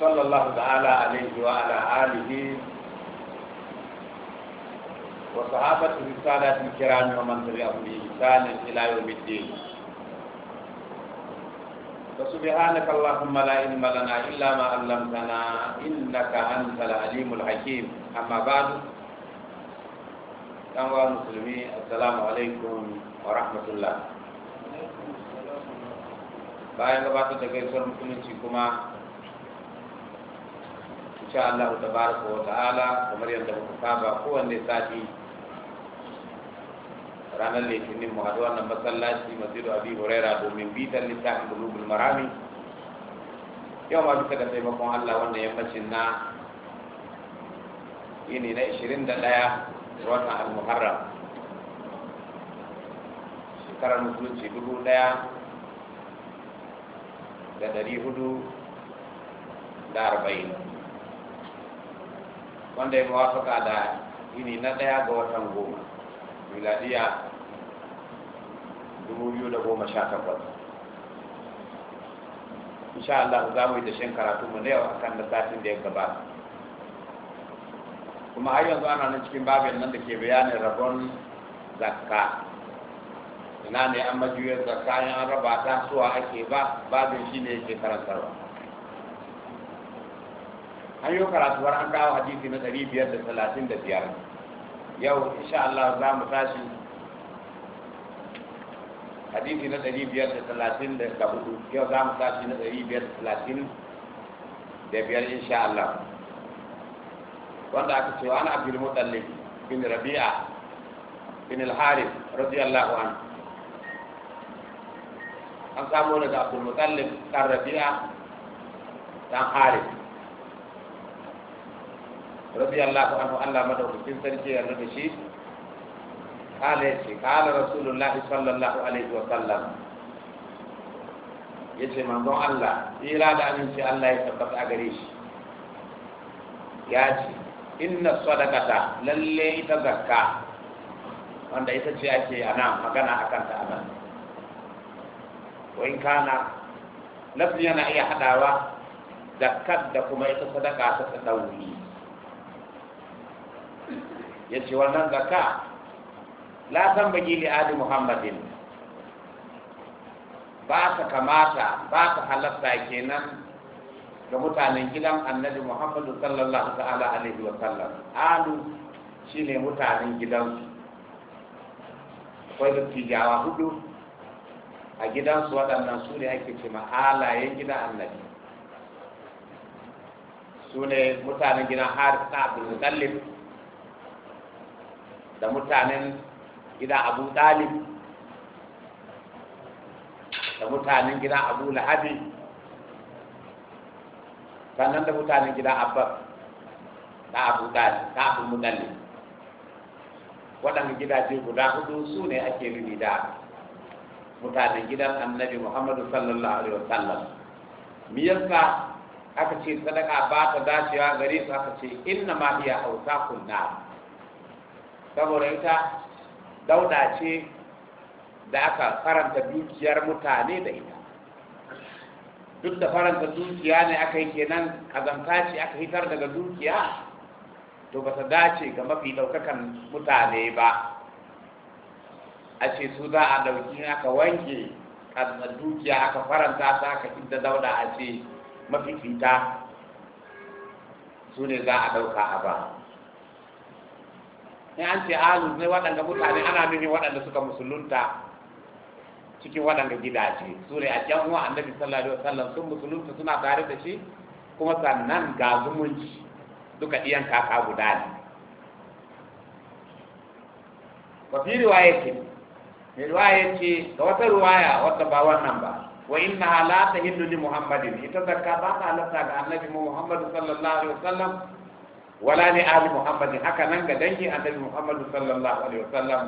sallallahu ta'ala alaihi wa ala alihi wa sahabatu risalati kiram wa man tabi'ahum bi ihsan فسبحانك اللهم لا علم لنا إلا ما علمتنا إنك أنت العليم الحكيم أما بعد أيها المسلمين السلام عليكم ورحمة الله bayan gabatar da gaisuwar musulunci kuma insha Allah tabaraka wa ta'ala kamar yadda muka saba wanne sati ranar litinin mu haɗu wannan masallaci masjidu abi huraira domin bitan littafin bulugul marami yau ma bisa ga taimakon Allah wannan yammacin na yini na 21 watan al-muharram shekarar musulunci dubu ɗaya da ɗari hudu da arba'in wanda ya mawafaka da yini na ɗaya ga watan goma miladiya 2018 insha Allah za mu yi da shan karatu mu ne a kan da satin da ya gabata kuma har yanzu ana nan cikin babin nan da ke bayanin rabon zakka ina ne an majiyar zakka yin an raba ta suwa ake ba babin shi ne ke karantarwa an yi karatu har an kawo hadisi na ɗari biyar da talatin da biyar yau insha Allah za mu tashi hadisi na ɗari biyar da talatin da yau za mu tashi na ɗari biyar da talatin da biyar insha Allah wanda aka cewa ana abdul mutallib bin rabi'a bin al-harith radiyallahu anhu an samu daga abdul mutallib kan rabi'a dan harith radiyallahu anhu Allah madaukakin sarki ya da shi kala ya ce kala rasulullah sallallahu alaihi wa sallam ya ce manzon Allah tsira da aminci Allah ya tabbata a gare shi ya ce inna sadaqata lalle ita zakka wanda ita ce ake ana magana akan ta anan wa in kana lafiya na iya hadawa zakkar da kuma ita sadaka ta dauri ya ce wannan zakka la san bagi li ali muhammadin ba ta kamata ba ta halatta kenan ga mutanen gidan annabi muhammadu sallallahu ta'ala alaihi wa sallam alu shine mutanen kwai akwai tijawa hudu a gidansu waɗannan su ne ake ce halayen gidan annabi su ne mutanen gidan haris na tsallin da mutanen gidan abu talib da mutanen gidan abu lahabi sannan da mutanen gidan abbas da abu talib da abu mutalli waɗanda gidaje guda hudu su ne ake nuni da mutanen gidan annabi muhammadu sallallahu alaihi wasallam mi yasa aka ce sadaka ba ta dacewa gare su aka ce inna ma hiya hausa kunna saboda ita dauda ce da aka faranta dukiyar mutane da ita duk da faranta dukiya ne aka yi kenan kazanta ce aka hitar daga dukiya to ba ta dace ga mafi ɗaukakan mutane ba a ce su za a ɗauki aka wanke dukiya aka faranta ta aka inda dauda a ce mafi fita su ne za a ɗauka a ba ne an ce alus ne waɗanda mutane ana nufin waɗanda suka musulunta cikin waɗanda gidaje su ne a can uwa annabi sallallahu alaihi wasallam sun musulunta suna tare da shi kuma sannan ga zumunci duka iyan kaka guda ne wa fi riwayatin ne riwaya ce ga wata riwaya wata ba wannan ba wa inna la tahillu li muhammadin ita zakka ba ta halatta ga annabi muhammad sallallahu alaihi wasallam wala ne ali muhammadin haka nan ga dangi annabi muhammadu sallallahu alaihi wasallam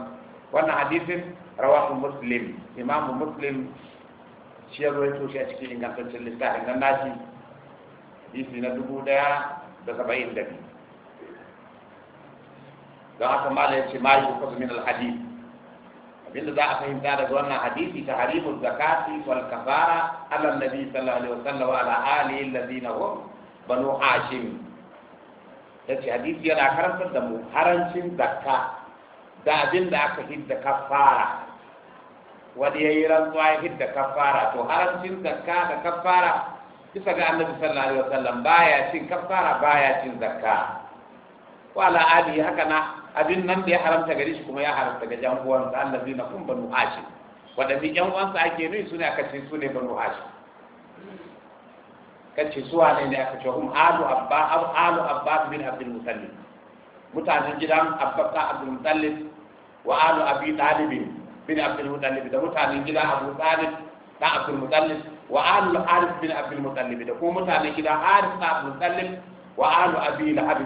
wannan hadisin rawahu muslim imamu muslim shi ya rawaito shi a cikin ingantaccen littafin nan nashi hadisi na dubu daya da saba'in da biyu don haka mala ya ce ma yi kusa min alhadis abinda za a fahimta daga wannan hadisi ta harimun zakati wal kafara ala nabi sallallahu alaihi wasallam wa ala alihi allazina hum banu hashim da ce hadisi yana karantar da mu harancin zakka da abin da aka hidda kafara wani ya yi rantsuwa ya hidda kafara to harancin zakka da kafara bisa ga annabi sallallahu alaihi wasallam baya cin kafara baya cin zakka wala ali haka na abin nan da ya haramta gari shi kuma ya haramta ga jan uwansa annabi na kun banu hashim wadanda yan uwansa ake ne a aka ce ne banu hashim kace suwa ne da aka ce hum alu abba alu abbas bin abdul muttalib mutanen gidan abbas abdul muttalib wa alu abi talib bin abdul muttalib da mutanen gidan abu talib da abdul muttalib wa alu arif bin abdul muttalib da kuma mutanen gidan arif da abdul muttalib wa alu abi lahab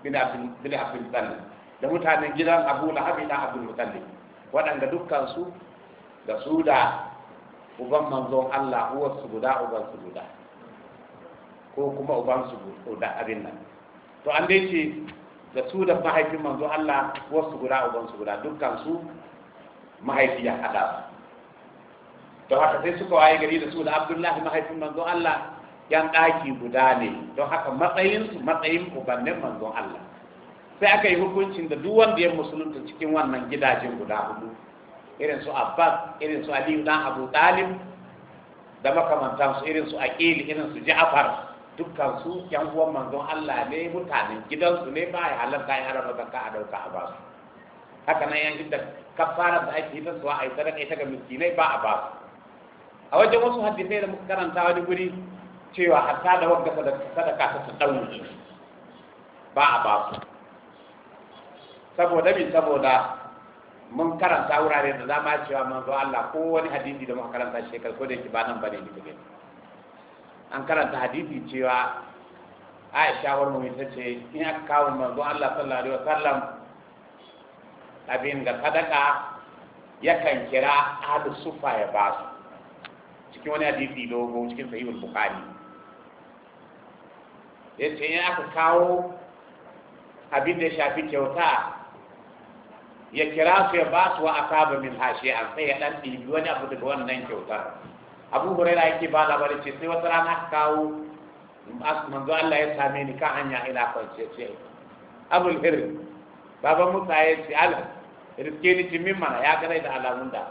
bin abdul bin abdul muttalib da mutanen gidan abu lahab da abdul muttalib waɗanda dukkan su da su da uban manzon Allah uwar su guda uban su guda ko kuma ubansu guda abin nan to an dai ce da su da mahaifin manzo Allah wasu guda ubansu guda dukkan su mahaifi ya hada su don haka sai suka waye gari da su da Abdullahi mahaifin manzo Allah yan daki guda ne don haka matsayin su matsayin ubannin manzo Allah sai aka yi hukuncin da duk wanda ya musulunta cikin wannan gidajen guda hudu irin su Abbas irin su Aliyu dan Abu Talib da makamantansu irin su Aqil irin su Ja'far dukkan su yan uwan manzon Allah ne mutanen gidansu ne ba ya halarta ya haramta zakka a dauka a ba su haka nan yan da kafara da ake yi ta suwa a yi sadaka ita ga miskinai ba a ba su a wajen wasu hadisai da muka karanta wani guri cewa hatta da wanda sadaka ta su dauri ba a ba su saboda min saboda mun karanta wurare da dama cewa manzo Allah ko wani hadisi da muka karanta shekar ko da yake ba nan bane ne an karanta hadisi cewa aisha wani mu ta ce in aka kawo manzon Allah sallallahu alaihi wasallam abin ga sadaka yakan kira ahlus sufa ya ba su cikin wani hadisi dogo cikin sahihul bukhari yace in aka kawo abin da ya shafi kyauta ya kira su ya ba su wa asaba min hashi'an sai ya dan ɗibi wani abu daga wannan kyautar abu huraira yake ba labari ce sai wata rana kawo manzo Allah ya same ni kan hanya ina kwance ce abul hir baban musa ya ce ala riske ni cin mana ya gane da alamun da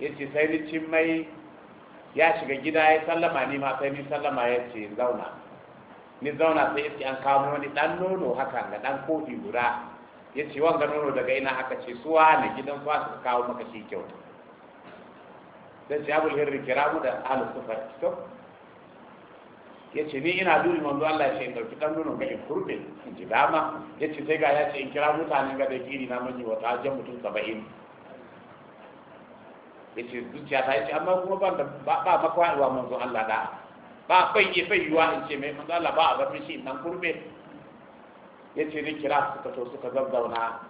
ya ce sai ni cin mai ya shiga gida ya sallama ni ma sai ni sallama ya ce zauna ni zauna sai ya ce an kawo wani dan nono haka ga dan kofi guda ya ce wanga nono daga ina haka ce suwa na gidan suwa su kawo maka shi kyauta dan shi abul hirri kiramu da ahlus sufa to ce ni ina duri manzo Allah ya ce in dauki dan nono kai kurbe in ji dama ce sai ga ya ce in kira mutane ga da kiri na manyi wata hajjan mutum 70 yace zuciya ta ce amma kuma ba da ba makwa wa manzo Allah da ba bai ke bai yiwa in ce mai manzo Allah ba a bar shi nan kurbe ce ni kira suka to suka zazzauna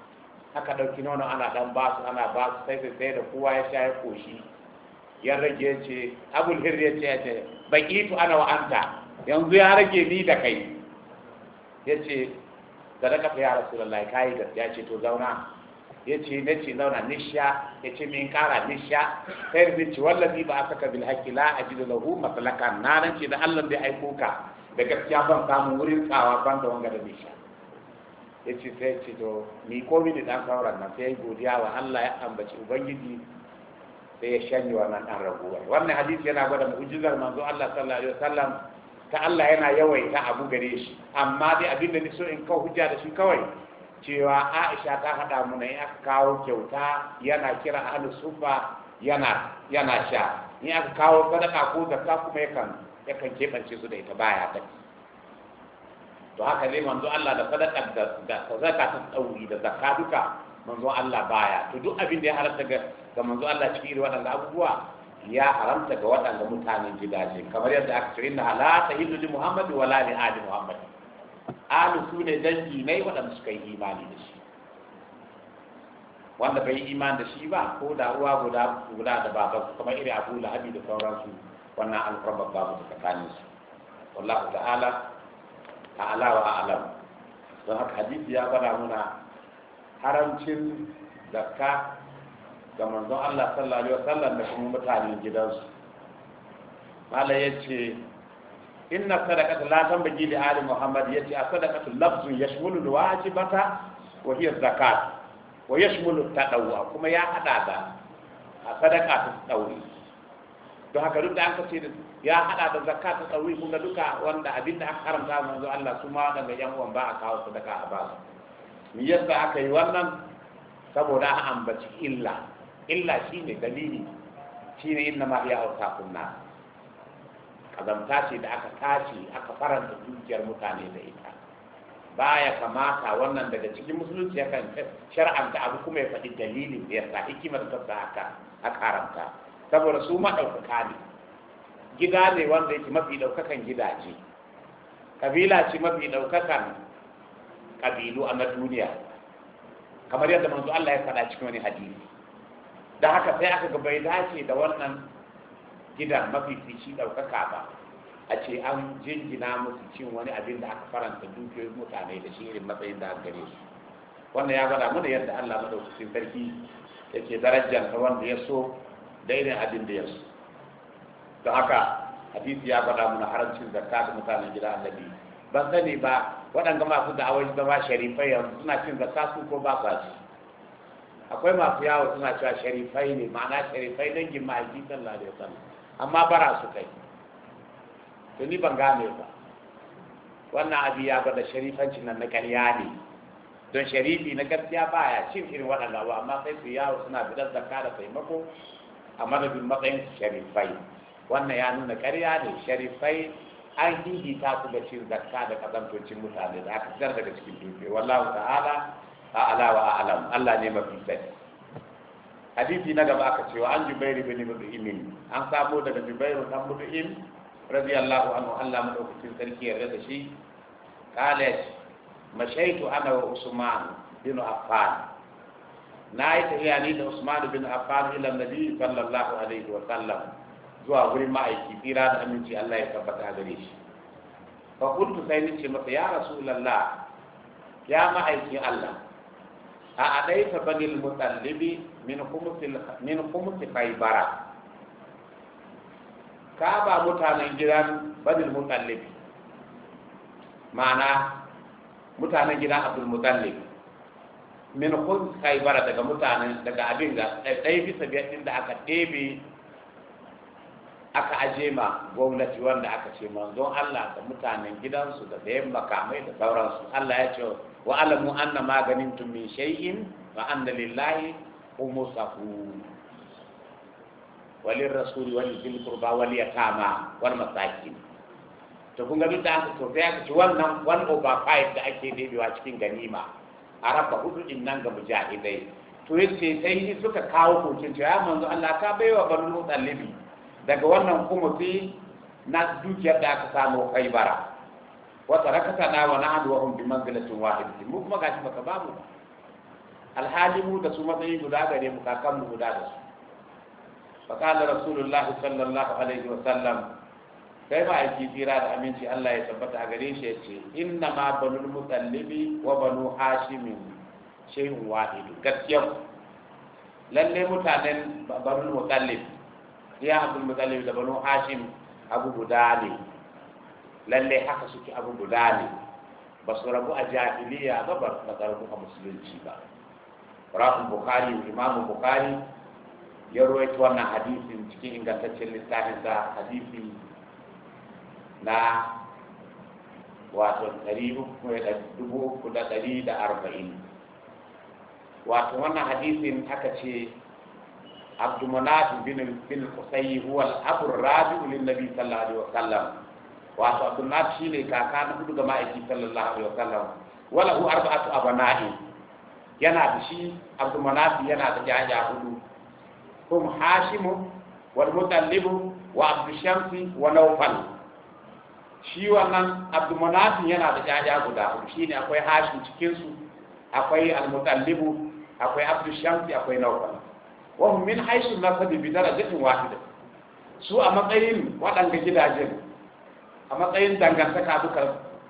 haka dauki nono ana dan ba su ana ba su sai sai da kowa ya sha ya koshi ya rage ce abul hir ya ce ce tu ana wa anta yanzu ya rage ni da kai yace da daga ya rasulullahi kai da ya ce to zauna yace ce zauna nisha yace min kara nisha sai ne ce wallahi ba saka bil haqqi la ajidu lahu matlakan na nan ce da Allah da aiko ka da gaskiya ban samu wurin tsawa ban da wanga da nisha yace sai ce to ni komi da dan sauran na sai godiya wa Allah ya ambaci ubangiji sai ya shanye wannan ɗan raguwar wannan hadisi yana gwada mu'jizar manzo Allah sallallahu alaihi wasallam ta Allah yana yawaita abu gare shi amma dai abin da ni so in kawo hujja da shi kawai cewa Aisha ta hada mu ne aka kawo kyauta yana kira ahlus sufa yana yana sha ni aka kawo sadaka ko zakka kuma yakan yakan keɓance su da ita baya ta to haka ne manzo Allah da sadaka da sadaka ta tsauri da zakka duka manzo Allah baya to duk abin da ya haramta ga manzo Allah cikin irin waɗanda abubuwa ya haramta ga waɗanda mutanen gidaje kamar yadda aka ce inna la tahillu li muhammad wa la li ali muhammad alu sune dangi mai waɗanda suka yi imani da shi wanda bai yi imani da shi ba ko da ruwa guda guda da baba kamar irin abu lahabi da sauransu wannan alƙur'an babu da tsakanin su wallahu ta'ala ta'ala wa a'lam don haka hadisi ya bada muna haramcin zakka ga manzon Allah sallallahu alaihi wasallam da kuma mutanen gidansu malai yace inna sadaqata la tanbaji li ali muhammad yace a sadaqatu lafzun yashmulu alwajibata wa hiya zakat wa yashmulu tadawwa kuma ya hada da a sadaka ta tsauri don haka duk da aka ce ya hada da zakat ta tsauri kuma duka wanda abinda aka haramta manzo Allah su ma daga yan uwan ba a kawo sadaka a ba su me yasa aka yi wannan saboda an ambaci illa illa ne dalili ne inna ma hiya a kunna. kazamta ce da aka tashi aka faranta dukiyar mutane da ita baya kamata wannan daga cikin musulunci yakan da abu kuma ya faɗi dalilin da yasa hikimar ta aka a karanta saboda su ma ɗauka ne gida ne wanda yake mafi ɗaukakan gidaje kabila ce mafi ɗaukakan kabilu a na duniya kamar yadda manzo Allah ya faɗa cikin wani hadisi da haka sai aka ga bai dace da wannan gidan mafifici ɗaukaka ba a ce an jingina musu cin wani abin da aka faranta dukiyoyin mutane da shi irin matsayin da aka gare su wannan ya gwada mana yadda Allah madaukakin sarki yake darajar ta wanda ya so da irin abin da ya so don haka hadisi ya gwada mana haramcin zakka da mutanen gida annabi ban sani ba waɗanda masu da'awar zama sharifai yanzu suna cin zakka su ko ba sa akwai masu yawo suna cewa sharifai ne ma'ana sharifai dangin ma'aiki sallallahu alaihi wasallam amma bara su kai to ni ban gane ba wannan abu ya gwada sharifancin nan na karya ne don sharifi na gaskiya baya cin irin waɗanda ba amma sai su yawo suna bidar zaka da taimako a madadin matsayin sharifai wannan ya nuna karya ne sharifai an hihita su da cin zakka da kasancocin mutane da aka fitar daga cikin dukiya wallahu ta'ala a'ala wa a'lam Allah ne mafi sani hadisi na gaba aka cewa an jubairu bin mud'im an samu daga jubairu dan mud'im radiyallahu anhu Allah madaukakin sarki ya da shi qala mashaitu ana wa usman bin affan na yi tafiya ni da usman bin affan ila nabi sallallahu alaihi wa sallam zuwa wurin ma'aiki tsira da aminci Allah ya tabbata gare shi fa kuntu sai ni ce masa ya rasulullah ya ma'aikin Allah a ta bani mutallibi min khumsil min khums khaybara ka ba mutanen gidan bani mutallibi ma'ana mutanen gidan abdul mutallibi min kai khaybara daga mutanen daga abin ga ɗaya bisa biyar da aka ɗebe aka aje ma gwamnati wanda aka ce manzon Allah da mutanen gidansu da dayan makamai da sauransu Allah ya ce wa alamu anna maganin tun min shay'in wa anna lillahi khumsahu walin rasuli wani zil kurba wani yatama wal masakin to kun ga duk aka to sai aka ci wannan one over five da ake daidaiwa cikin ganima a raba hudu din nan ga mujahidai to yace sai suka kawo kokin ya manzo Allah ka baiwa banu mutalibi daga wannan kuma fi na dukiyar da aka samu kai bara wata rakata na wa na hannu wa hun um bi manzilatin wahidati mu kuma gashi baka babu ba alhali mu da su matsayi guda gare mu kakan mu guda da su faqala rasulullahi sallallahu alaihi wa sallam sai ba aiki tsira da aminci Allah ya tabbata a gare shi ce inna ma banu mutallibi wa banu hashimin shay'un wahid gaskiya lalle mutanen banul mutallib ya abdul muttalib da banu hashim abu guda ne lalle haka suke abu guda ne ba su rabu a jahiliya ba ba su rabu a musulunci ba Rabu bukhari imamu bukhari ya rawaito wannan hadisin cikin ingantaccen littafin sa hadisi na wato dubu da ɗari da arba'in wato wannan hadisin aka ce عبد مناف بن بن قصي هو الاب الرابع للنبي صلى الله عليه وسلم واسو عبد مناف شيني كاكا نبدو كما صلى الله عليه وسلم وله أربعة أبناء ينا بشي عبد مناف ينا تجاجا هدو هم هاشم والمطلب وعبد الشمس ونوفل shi wannan abdulmanafin yana da jaja guda shi ne akwai hashin cikinsu akwai almutallibu akwai abdushamsi akwai naufal wa min haisu nasabi bi darajatin wahida su a matsayin waɗanda gidajen a matsayin dangantaka duka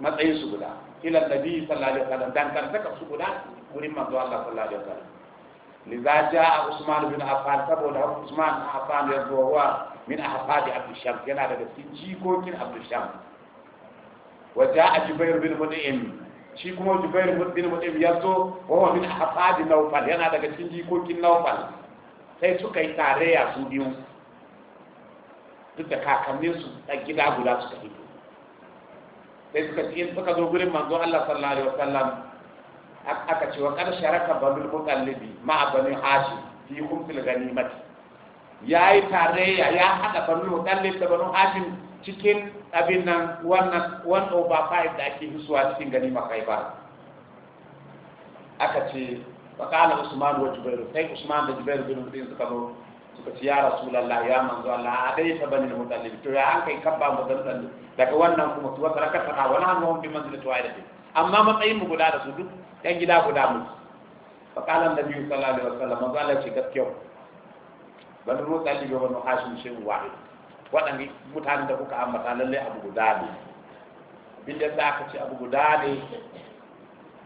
matsayin su guda ila nabi sallallahu alaihi wasallam dangantaka su guda wurin manzo Allah sallallahu alaihi wasallam ja a Usman bin Affan saboda Usman a Affan ya zo wa min ahfadi Abdul Shams yana daga cikin jikokin Abdul Shams wa a Jubair bin Mut'im shi kuma Jubair bin Mut'im ya zo wa min ahfadi Nawfal yana daga cikin jikokin Nawfal sai suka yi tarayya su biyu duk da kakanninsu a gida guda suka fito sai suka in suka zo gurin manzo Allah sallallahu alaihi wasallam aka ce wa kar sharaka banul mutallibi ma abani hashim fi kumtil ganimat yayi tarayya ya hada banul mutallib da banul hashim cikin abin nan wannan wannan ba fa'ida da ake hisuwa cikin ganima kai ba aka ce Fa ka ala musulman wani jibiru sai musulman da jibiru suna yanzu kano. Suka ci ya rasu lallai wa man a dayasa banin mu tallafi. To ya kai kaba mu dandali daga wannan wasarakar ta ta wani hannu wani biyar man da tawaye da biyu. Amma matsayin mu guda da su duk ɗan gida guda mun. Faka alanda biyu sallale wasallam man zauna a ci gaskiya mu. Ban da mu tallafi ba mu ashi musu da kuka amata lalle abu guda da. Bidda za ka ci abu guda da.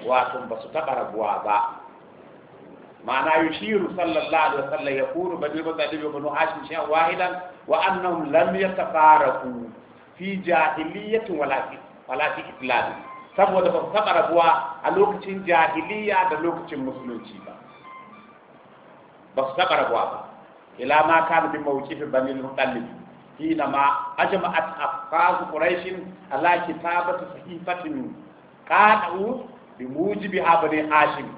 Wato ba su taɓara buwa ba. معنى يشير صلى الله عليه وسلم يقول بني مطلب بن هاشم شيئا واحدا وأنهم لم يتفارقوا في جاهلية ولا في ولا في إسلام saboda ba su taɓa rabuwa a lokacin jahiliya da lokacin musulunci ba ba su taɓa rabuwa ba ila ma kana bi mawqif bani al fi hina ma ajma'at afqaz quraish ala kitabati sahifatin qada'u bi mujibi habani hashim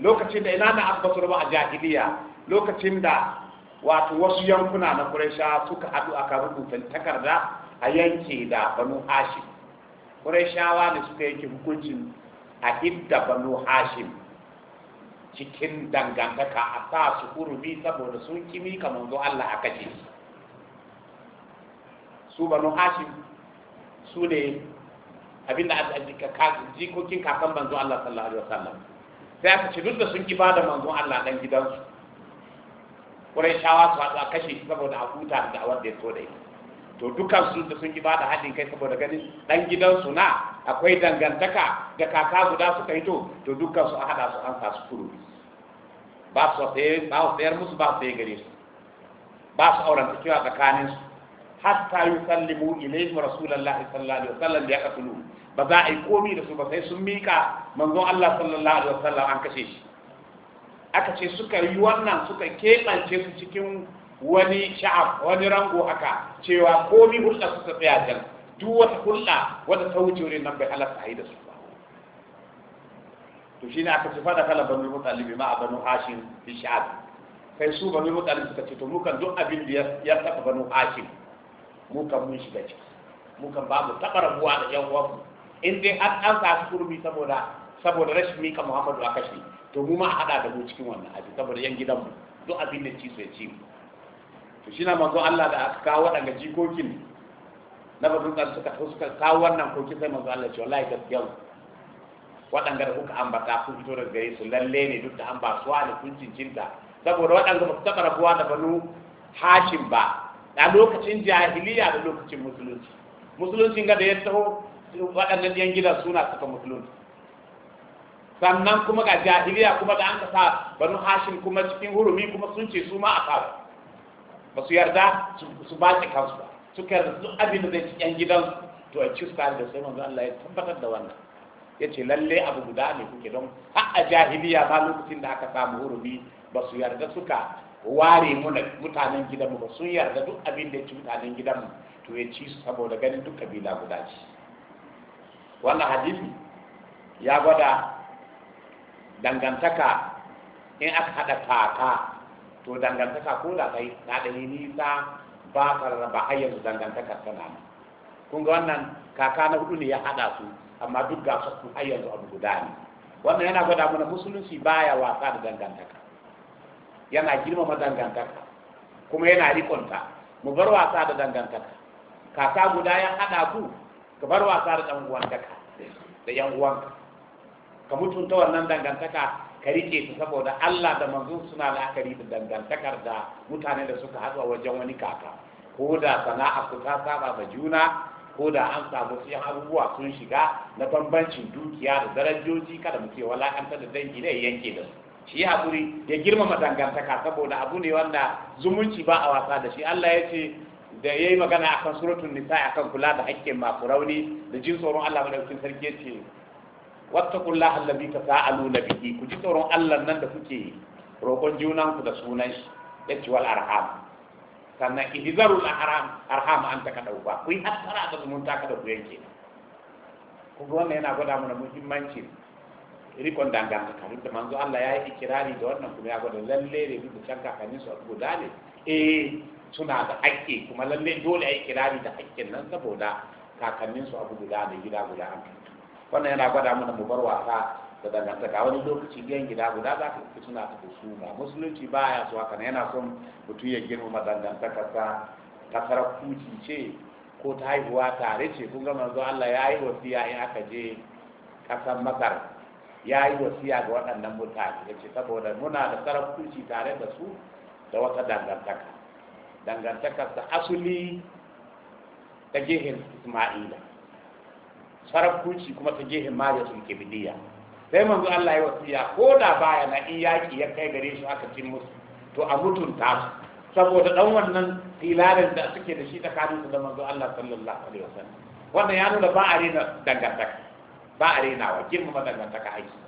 lokacin da ina na abbasu ba a jahiliya lokacin da wato wasu yankuna na quraisha suka haɗu aka rubutun takarda a yanke da banu hashim quraishawa ne suka yanke hukuncin a hidda banu hashim cikin dangantaka a sa su hurumi saboda sun kimi ka manzo Allah a kace su banu hashim su ne abinda jikokin kakan manzo Allah sallallahu alaihi wasallam sai aka ce duk da sun ki bada manzon Allah dan gidansu wurin shawa su a kashe shi saboda a huta da awar da ya so da ita to dukan su da sun ki bada haɗin kai saboda ganin dan gidansu na akwai dangantaka da kaka guda su kai to to dukkan su a haɗa su an su kuru ba su tsaye ba su tsayar musu ba su tsaye gare su ba su auren cewa tsakanin su hatta sallimu ilayhi rasulullahi sallallahu alaihi wasallam da ya kasulu ba za a yi komi da su ba sai sun mika manzon Allah sallallahu alaihi wasallam an kashe shi aka ce suka yi wannan suka keɓance su cikin wani sha'af wani rango aka cewa komi hulɗa su tsaya jan duk wata hulɗa wata ta wuce wurin nan bai halatta a yi da su ba to shine aka ce fada kala banu mutalibi ma a banu hashim fi sha'af Kai su banu mutalibi suka ce to mu kan duk abin da ya taɓa banu hashim mu kan mun shiga ciki mu kan ba mu taɓa rabuwa da yan uwanmu in dai har an samu kurmi saboda saboda rashin mika muhammadu a kashi to mu ma a haɗa da mu cikin wannan aji saboda yan gidanmu duk abin da ci su ya ci to shi na manzo Allah da aka kawo waɗanda jikokin na bazin tsar suka suka kawo wannan kokin sai manzo Allah ce wallahi gaskiya wadanda da kuka ambata kun fito da gare su lalle ne duk da an ba su wani kun cincinta saboda wadanda ba su taɓa rabuwa da banu hashim ba a lokacin jahiliya da lokacin musulunci musulunci ga da ya taho waɗannan ɗiyan gidan suna suka musulunta sannan kuma ga jahiliya kuma da an kasa banu hashim kuma cikin hurumi kuma sun ce su ma a kawo? ba su yarda su ba ce kansu ba suka yarda su abin da zai ci ƴan gidan to a ci tsari da sai manzo Allah ya tabbatar da wannan ya ce lalle abu guda ne kuke don har a jahiliya ba lokacin da aka samu hurumi ba su yarda suka ware muna mutanen gidanmu ba sun yarda duk abin da ya ci mutanen gidanmu to ya ci su saboda ganin duk kabila guda ce wannan hadisi ya gwada dangantaka in aka haɗa kaka to dangantaka ko da kai na da nisa ba ka raba har yanzu dangantakar tana nan kun ga wannan kaka na hudu ne ya haɗa su amma duk ga su har yanzu abu guda ne wannan yana gwada mana musulunci baya wasa da dangantaka yana girmama dangantaka kuma yana rikonta mu bar wasa da dangantaka kaka guda ya haɗa ku ka bar wasa da ɗan daka da yan uwanka ka mutunta wannan dangantaka ka rike ta saboda Allah da manzo suna la'akari da dangantakar da mutane da suka haɗu a wajen wani kaka ko da sana'a ku ta saba da juna ko da an samu sai abubuwa sun shiga na bambancin dukiya da darajoji kada mu ce ta da dangi da yanke da su shi ya haƙuri ya girmama dangantaka saboda abu ne wanda zumunci ba a wasa da shi Allah ya ce da ya yi magana a kan suratun nisa a kan kula da haƙƙin masu rauni da jin tsoron Allah madaukakin sarki ce wattaqullaha allazi tasaaluna biki ku ji tsoron Allah nan da kuke roƙon junan ku da sunan shi ci wal arham sannan na haram arham an ta kaɗau ba ku yi hattara da ta kaɗau ku yanke ku wannan yana gwada mana muhimmanci rikon dangantaka duk da manzo Allah ya yi ikirari da wannan kuma ya gwada lalle ne duk da can kakannin su guda ne eh suna da haƙƙi kuma lalle dole ai kirari da haƙƙin nan saboda kakannin su abu guda da gida guda an wannan yana gwada mana mu bar wasa da dangantaka wani lokaci gidan gida guda za ka fi suna ta husuma musulunci ba ya so haka yana son mutum ya girmama dangantakarsa ta sarakuci ce ko ta haihuwa tare ce kun ga manzo Allah ya yi wasiya in aka je kasan Masar ya yi wasiya ga waɗannan mutane ya ce saboda muna da sarakuci tare da su da wata dangantaka dangantakarsa asali ta gehen isma'ila sarakunci kuma ta gehen mariyatul kibiliya sai manzo Allah ya wasiya ko da baya na iyaki ya kai gare shi aka cin musu to a mutunta su saboda dan wannan tilalin da suke da shi tsakanin su da manzo Allah sallallahu alaihi wasallam wannan ya nuna ba a rena dangantaka ba a rena wa girmama dangantaka aiki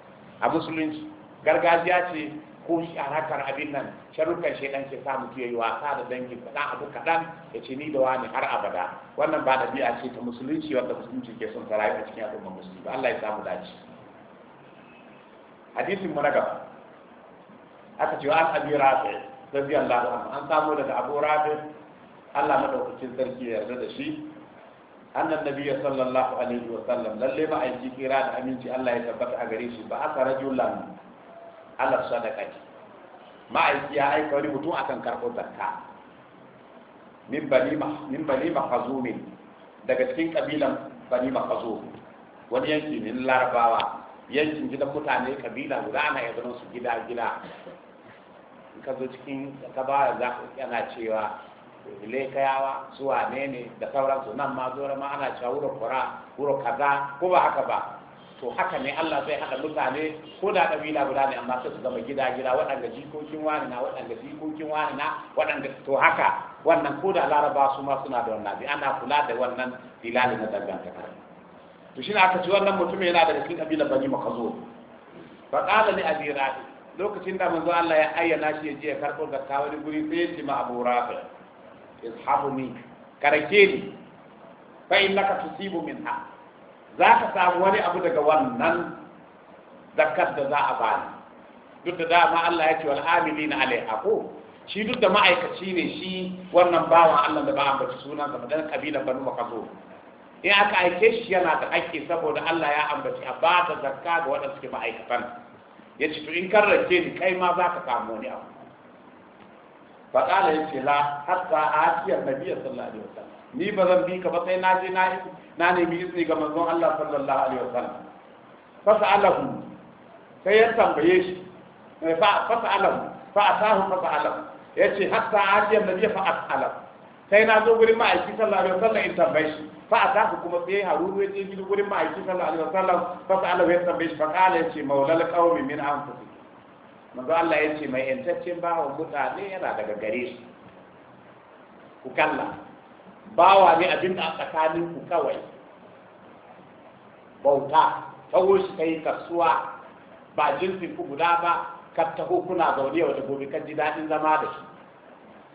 a musulunci gargajiya ce ko shi a harkar abin nan sharukan shaidan ke sa mutu yi wasa da dangin kaɗan abu kaɗan ya ce ni da wani har abada wannan ba da ɗabi'a ce ta musulunci wanda musulunci ke son ta a cikin al'ummar musulmi Allah ya samu dace hadisin mu na gaba aka ce an abi rafi radiyallahu anhu an samu daga abu rafi Allah madaukakin sarki ya yarda da shi annan nabiyya sallallahu alaihi wa sallam lalle ma aiki kira da aminci Allah ya tabbata a gare shi ba aka rajulan ala sadaqati ma'aiki ya aika wani mutum akan karɓo zakka min balima min balima khazumin daga cikin ma balima khazum wani yankin, ne larabawa yankin gidan mutane kabila guda ana ya su gida gida in ka zo cikin ka ba za yana cewa kayawa zuwa ne ne da sauransu nan ma zuwa ma ana cewa wuro kura wuro kaza ko ba haka ba to haka ne Allah zai haɗa mutane ko da ƙabila guda ne amma sai su zama gida gida waɗanda jikokin wani na waɗanda jikokin wani na waɗanda to haka wannan ko da laraba su ma suna da wannan bi ana kula da wannan dilali na dangantaka to shi ne aka ce wannan mutum yana daga cikin ƙabilar bani makazo Ba qala ne a rafi lokacin da manzo Allah ya ayyana shi ya je ya karɓo zakka wani guri sai ya ce ma abu rafi izhabuni karake ni fa naka tusibu ha. za ka samu wani abu daga wannan zakar da za a bani duk da dama Allah ya ce wal na alaiha ko shi duk da ma'aikaci ne shi wannan bawan Allah da ba a ambaci sunan sa madan kabilan banu makazo in aka aike shi yana da aiki saboda Allah ya ambaci a ba da zakka ga waɗansu suke ma'aikatan ya ce to in kan rake ni kai ma za ka samu wani abu faƙala ya ce la hatta a asiyar sallallahu alaihi wasallam ni ba zan bi ka ba sai na je na na nemi izini ga manzon Allah sallallahu alaihi wasallam sa'alahu sai ya tambaye shi eh, fa sa'alahu fa atahu sa'alahu yace hatta ajiyar nabi fa as'ala sai na zo gurin ma'aiki sallallahu alaihi wasallam in tambaye shi fa atahu kuma sai haruru ya je gurin ma'aiki sallallahu alaihi wasallam sa'alahu ya tambaye shi fa qala yace maulal qaumi min anfusihim manzo Allah yace mai yantaccen bawa mutane yana daga gare shi ku kalla Ba wa ne abin da a tsakanin ku kawai bauta ta shi kai kasuwa ba jinsin ku guda ba ka taho kuna zaune yau gobe kan ji daɗin zama da shi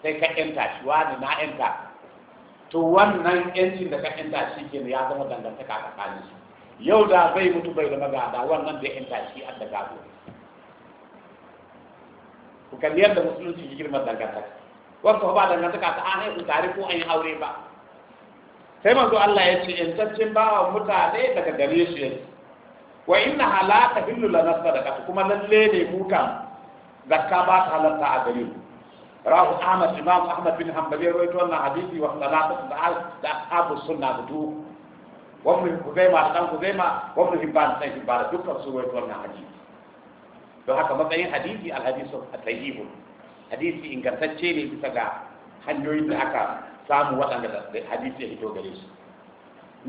sai ka yanta shi wani na yanta to wannan yancin da ka yanta shi ke ya zama dangantaka tsakanin shi yau da bai mutu bai zama gada wannan da yanta shi an daga gado ku kalli yadda musulunci girman dangantaka wasu ba dangantaka ta an haihu tare ko an yi aure ba sai manzo Allah ya ce yantaccen bawa mutane daga gare shi yake wa inna halaka hillu lana sadaka kuma lalle ne mu kan zakka ba ta halatta a gare mu rahu Ahmad Imam Ahmad bin Hanbali ya rawaito wannan hadisi wa salatu da abu sunna da duk wa ibn Khuzaima da dan Khuzaima wa ibn Hibban sai Hibban dukkan su rawaito wannan hadisi don haka matsayin hadisi al-hadisu at-tayyibun hadisi ingantacce ne bisa ga hanyoyin da aka samu waɗanda da hadisi ya fito gare shi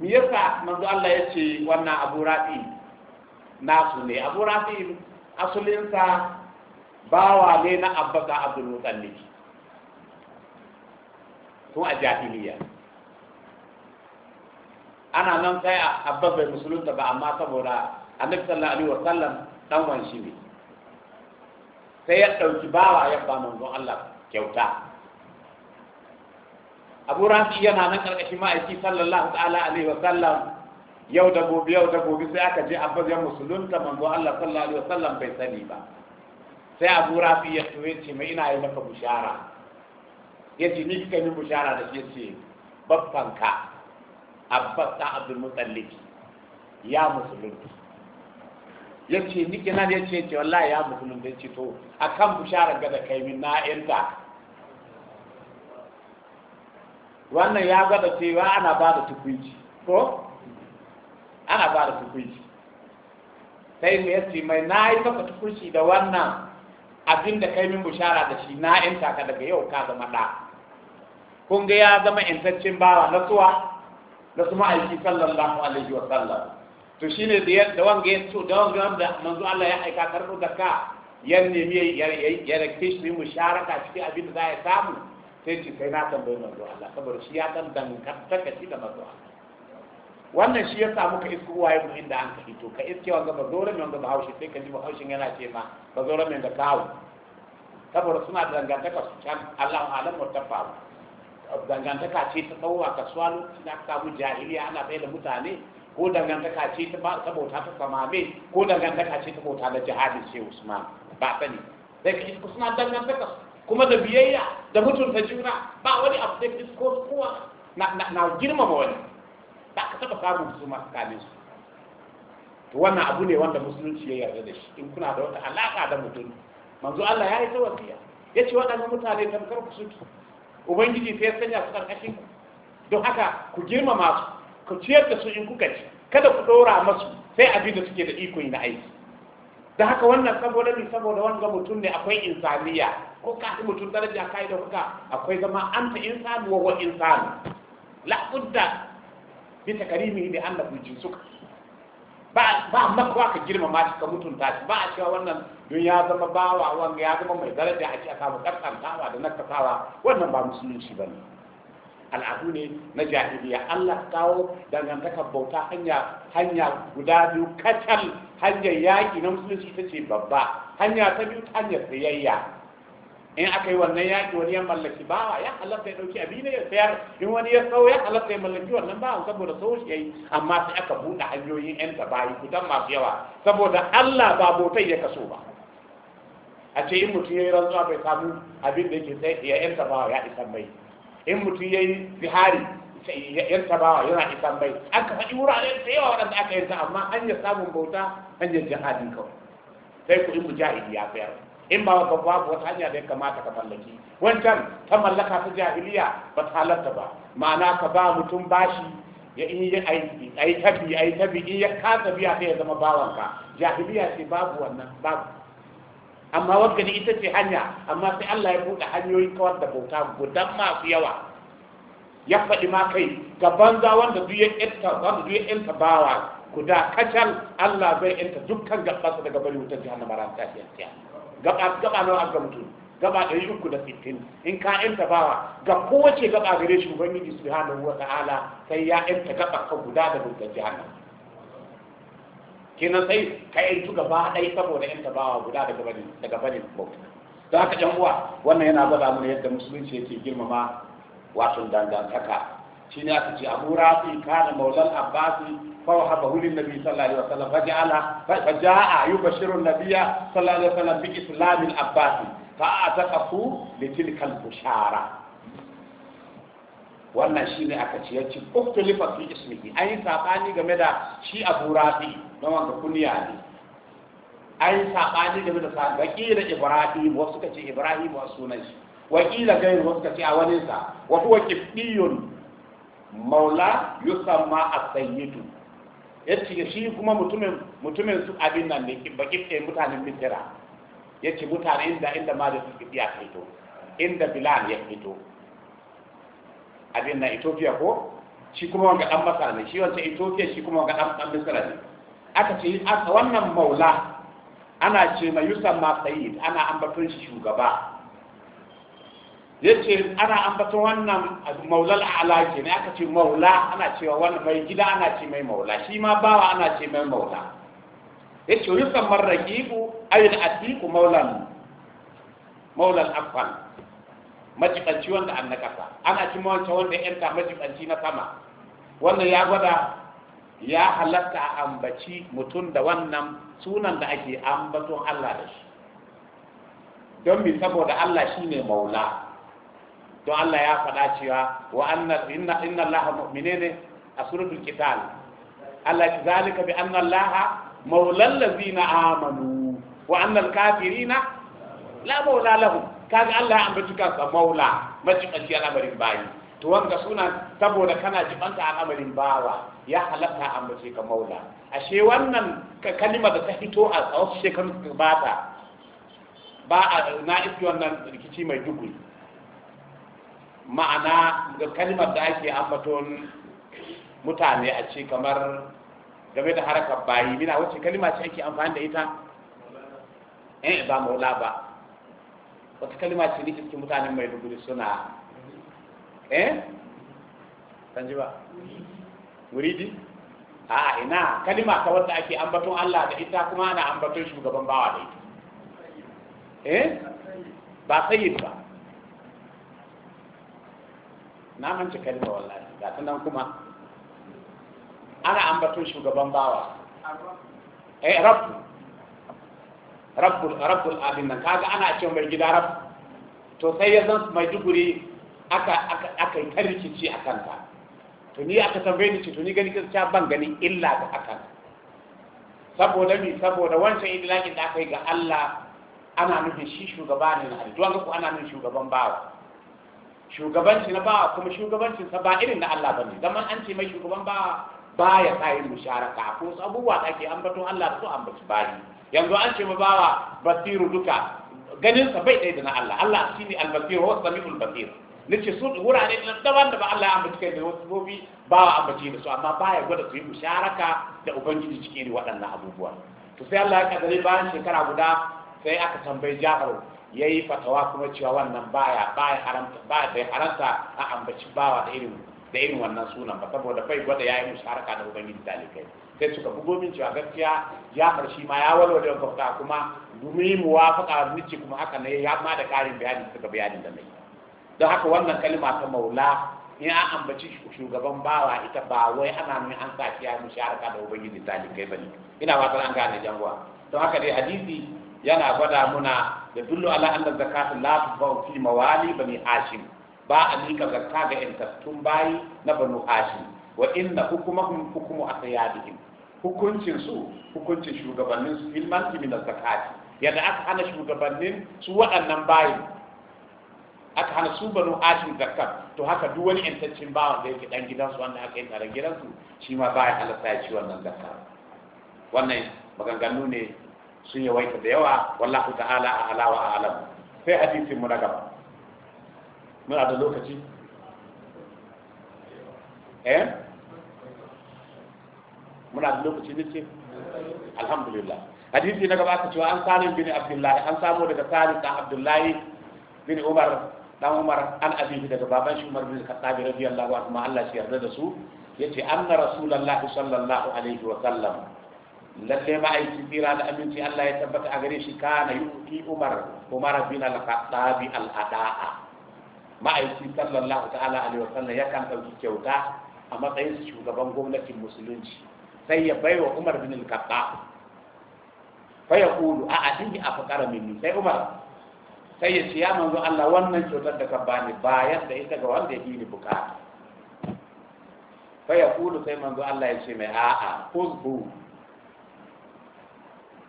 me yasa manzo Allah ya ce wannan Abu Rafi nasu ne Abu Rafi asalinsa bawa ne na Abbasa Abdul Muttalib ko a jahiliya ana nan sai Abbas bai musulunta ba amma saboda Annabi sallallahu alaihi wasallam dan wanshi ne sai ya ɗauki bawa ya ba manzon Allah kyauta abu rafi yana nan ƙarƙashin ma'aiki sallallahu ta'ala alaihi wa sallam yau da gobe yau da gobe sai aka je ya musulunta manzon Allah sallallahu alaihi wa sallam bai sani ba sai abu rafi ya tuwe ce mai ina yi maka bushara ya ce ni kika yi bushara da shi ya ce ka abbas ta abdul mutalliki ya musulunta ya ce na nan ya ce ce wallahi ya musulun da ce to a kan ga da kai min na inta wannan ya da cewa ana ba da tukunci ko ana ba da tukunci sai mu yace mai na yi maka tukunci da wannan abin da kai min bushara da shi na inta ka daga yau ka zama da kun ga ya zama intaccen bawa na suwa na su ma'aiki sallallahu alaihi wa sallam to shine da da wanga ya so da wanga da manzo Allah ya aika karbu zakka ya nemi ya ya rake shi musharaka ciki abin da za ya samu sai ci kai na tambayi manzo Allah saboda shi ya dan dangantaka shi da manzo Allah wannan shi ya samu ka isku waye mu inda an ka fito ka iske wanga ba zora mai wanga ba haushi sai ka ji ba haushin yana ce ma ba zora mai da kawo saboda suna da dangantaka su can Allah alam wa tafawu dangantaka ce ta tsawo a kasuwa lokacin da aka samu jahiliya ana bai da mutane ko dangantaka ce ta bauta ta samame ko dangantaka ce ta bauta na jihadin ce usman ba sani sai ka isko suna dangantaka kuma da biyayya da mutunta juna ba wani abu da isko kowa na ma wani ba ka taba samu su masu kame su to wannan abu ne wanda musulunci ya yarda da shi in kuna da wata alaka da mutum manzo Allah ya yi ta wasiya ya ce waɗannan mutane tamkar ku su ubangiji sai ya sanya su karkashin don haka ku girmama su ku ciyar da su in kuka ci kada ku ɗora masu sai abin da suke da iko na aiki da haka wannan saboda ni saboda wanga mutum ne akwai insaniya ko ka fi mutum daraja kai da kuka akwai zama an ta insani wa huwa insanu la budda bi an da annahu suka ba ba makwa ka girmama ma ka mutunta shi ba a cewa wannan don ya zama bawa wanga ya zama mai daraja a ci a samu kasantawa da nakasawa wannan ba musulunci ba ne. al'adu ne na jahiliya Allah kawo dangantakar bauta hanya hanya guda biyu kacal hanyar yaƙi na musulunci ta ce babba hanya ta biyu ta hanyar sayayya in aka yi wannan yaƙi wani ya mallaki bawa ya halatta ya ɗauki abin ya sayar in wani ya sau ya halatta ya mallaki wannan bawa saboda sau shi yayi amma sai aka buɗe hanyoyin yan bayi kudan masu yawa saboda Allah ba bautai ya kaso ba a ce in mutum ya yi rantsuwa bai samu abin da yake tsaye ya yan bawa ya isa mai in mutum ya yi zihari yan tabawa yana isan bai aka faɗi wurare da yawa waɗanda aka yanta amma yi samun bauta yi jihadin kawai sai ku in mujahidi ya fayar in ba ka babu wata hanya da ya kamata ka mallaki wancan ta mallaka ta jahiliya ba ta halatta ba ma'ana ka ba mutum bashi ya in yi aiki ai tabi ai tabi in ya kasa biya sai ya zama bawanka jahiliya ce babu wannan babu amma wadda ita ce hanya amma sai Allah ya buɗe hanyoyin kawar da bauta gudan masu yawa ya faɗi ma kai ga banza wanda duk ya ƴanta wanda duk ya ƴanta bawa guda kacal Allah zai ƴanta dukkan gabansa daga bari wutar jahannama mara ta ƴanta gaba gaba na aka mutu gaba yi uku da fitin in ka ƴanta bawa ga kowace gaba gare shi ubangiji subhanahu wa ta'ala sai ya ƴanta gaba ka guda da wutar jahannama kenan sai ka yantu gaba ɗaya saboda yan tabawa guda daga bani daga bani bauta don haka yan uwa wannan yana gwada mana yadda musulunci yake girmama wato dangantaka shi ne aka ce abu rafi kana maulan abbasi fa wa haba hulin nabi sallallahu alaihi wasallam fa ja'ala fa ja'a yubashiru nabiyya sallallahu alaihi wasallam bi islamil abbasi fa ataqafu li tilka al-bushara wannan shine aka ce yace uktulifa fi ismihi ayi sabani game da shi abu rafi don wanka kunya ne ai sabani game da sa wakila ibrahim wasu kace ibrahim wasu sunan shi wakila gani wasu kace a wani sa wa huwa qibtiyun maula yusamma as-sayyid yace shi kuma mutumin mutumin su abin nan ne bakifte mutanen misira yace mutane inda inda ma da su biya fito inda bilal ya fito abin na ethiopia ko shi kuma wanga dan masara ne shi wancan ethiopia shi kuma wanga dan dan misira ne aka ce aka wannan maula ana ce mai yusamma sayyid ana ambaton shi shugaba yace ana ambaton wannan maulal a'la ke ne aka ce maula ana ce wa wannan mai gida ana ce mai maula shi ma bawa ana ce mai maula yace yusamma raqibu ayil atiqu maulan maulan afan majibanci wanda an na kasa ana ce wancan wanda yanta majibanci na sama wannan ya gwada ya halatta a ambaci mutum da wannan sunan da ake ambaton Allah da shi don bi saboda Allah shi ne maula don Allah ya faɗa cewa wa anna inna inna Allah ne a suratul qital Allah zalika bi anna Allah maulal ladzina amanu wa anna al-kafirina la maula lahum kaga Allah ya ambaci kansa maula macikaci al'amarin bayi to wanda suna saboda kana jibanta al'amarin bawa ya halatta mace ka maula ashe wannan kalima da ta fito a wasu shekarun da bata ba a na iski wannan rikici mai dugu ma'ana da kalimar da ake ambaton mutane a ce kamar game da harakar bayi mina wacce kalima ce ake amfani da ita eh ba maula ba wata kalima ce ne cikin mutanen mai dugu suna eh kan ji ba muridi a ina kalima ta wadda ake ambaton Allah da ita kuma ana ambaton shugaban bawa da ita eh ba sayyid ba na manci kalima wallahi ga ta nan kuma ana ambaton shugaban bawa eh rabb rabbul rabbul abin nan kaga ana cewa mai gida rabb to sai ya zan mai duguri aka aka yi tarkici a kanta to ni aka tambaye ni ce to ni gani gaskiya ban gani illa ga hakan saboda mi saboda wancan idilakin da aka yi ga Allah ana nufin shi shugaba ne na halittu ko ana nufin shugaban bawa shugabanci na bawa kuma shugabancin sa ba irin na Allah bane zaman an ce mai shugaban bawa baya kayan musharaka ko abubuwa da ke ambaton Allah su ambaci bayi yanzu an ce ma bawa basiru duka ganin sa bai ɗaya da na Allah Allah shine al-basir wa samiul basir nace su wurare daban da ba Allah ya ambaci kai da wasu gobi ba wa ambaci da su amma ba ya gwada su yi musharaka da ubangiji cikin waɗannan abubuwa to sai Allah ya kadare bayan shekara guda sai aka tambayi Jafar yayi fatawa kuma cewa wannan baya baya haramta baya bai haramta a ambaci bawa da irin da irin wannan sunan ba saboda bai gwada yayi musharaka da ubangiji talikai sai suka bugo min cewa gaskiya Jafar shi ma ya da wa kuma domin muwafaka zuci kuma haka ne ya ma da karin bayani suka bayanin da mai don haka wannan kalima ta maula in an ambaci shugaban bawa ita ba wai ana nuna an sa shi ya musharaka da ubangiji talibai ne. ina ba an gane jangwa don haka dai hadisi yana gwada muna da dullu ala anna zakatu la tubau fi mawali bani hashim ba a nika zakka ga intattun bayi na banu hashim wa inna hukumahum hukumu asayadihim hukuncin su hukuncin shugabannin su fil manki zakati yadda aka hana shugabannin su waɗannan bayin aka hana su banu ashim zakat to haka duk wani yantaccen bawan da yake dan gidansu wanda aka yi tsaron gidansu shi ma baya halatta ya ci wannan zakat wannan maganganu ne sun yawaita da yawa wallahu ta'ala a alawa a alam sai hadisin mu na gaba muna da lokaci eh muna da lokaci ne ce alhamdulillah hadisi na gaba aka cewa an salim bin abdullahi an samu daga salim dan abdullahi bin umar dan Umar an daga baban shi Umar bin Khattab radiyallahu anhu Allah shi yarda da su yace anna rasulullahi sallallahu alaihi wa sallam ai tsira da aminci Allah ya tabbata a gare shi kana yuki Umar Umar bin Al-Khattab al-adaa ma'aiki sallallahu ta'ala alaihi wa sallam dauki kyauta a matsayin shugaban gwamnatin musulunci sai ya baiwa Umar bin Al-Khattab fa yaqulu a minni sai Umar sai ya ce ya manzo Allah wannan cutar da ka bani bayan da ita ga wanda ya ni bukata fa ya kulu sai manzo Allah ya ce mai a'a kuzbu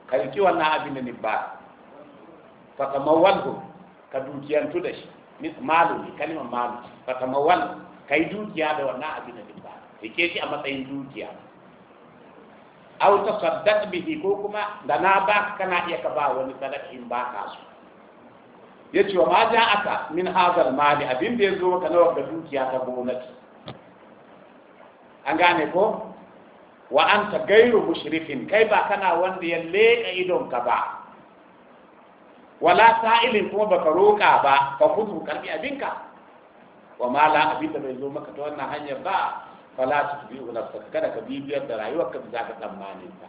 ki wannan abin da ni ba fa tamawwalhu ka dukiyantu da shi mis malu ne kalimar malu fa tamawwal kai dukiya da wannan abin da ni ba rike shi a matsayin dukiya au tasaddaq bihi ko kuma da na ba kana iya ka ba wani sadaqin ba ka su. ya ce wa ma ja aka min hazar mali abin da ya zo maka nawa da dukiya ta gonaki an gane ko wa ta gairu mushrifin kai ba kana wanda ya leƙa ka ba wala sa'ilin kuma baka roƙa ba fa kudu karbi abinka wa ma la abin da bai zo maka ta wannan hanyar ba fala ta tutbi'u nafsaka kada ka bibiyar da rayuwarka da zaka tsammanin ta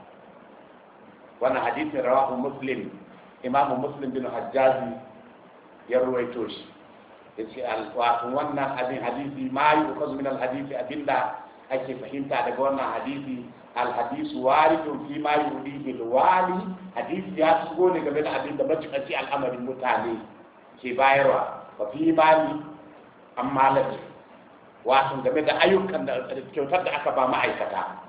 wannan hadisin rawahu muslim Imamu muslim bin hajjaji ya ruwaito shi yace wato wannan abin hadisi ma yuqaz min al hadisi abinda ake fahimta daga wannan hadisi al hadisu waridun fi ma yudihi al wali hadisi ya shigo ne game da abin da mace al'amarin mutane ke bayarwa fa fi mali amma lafi wato game da ayyukan da kyautar da aka ba ma'aikata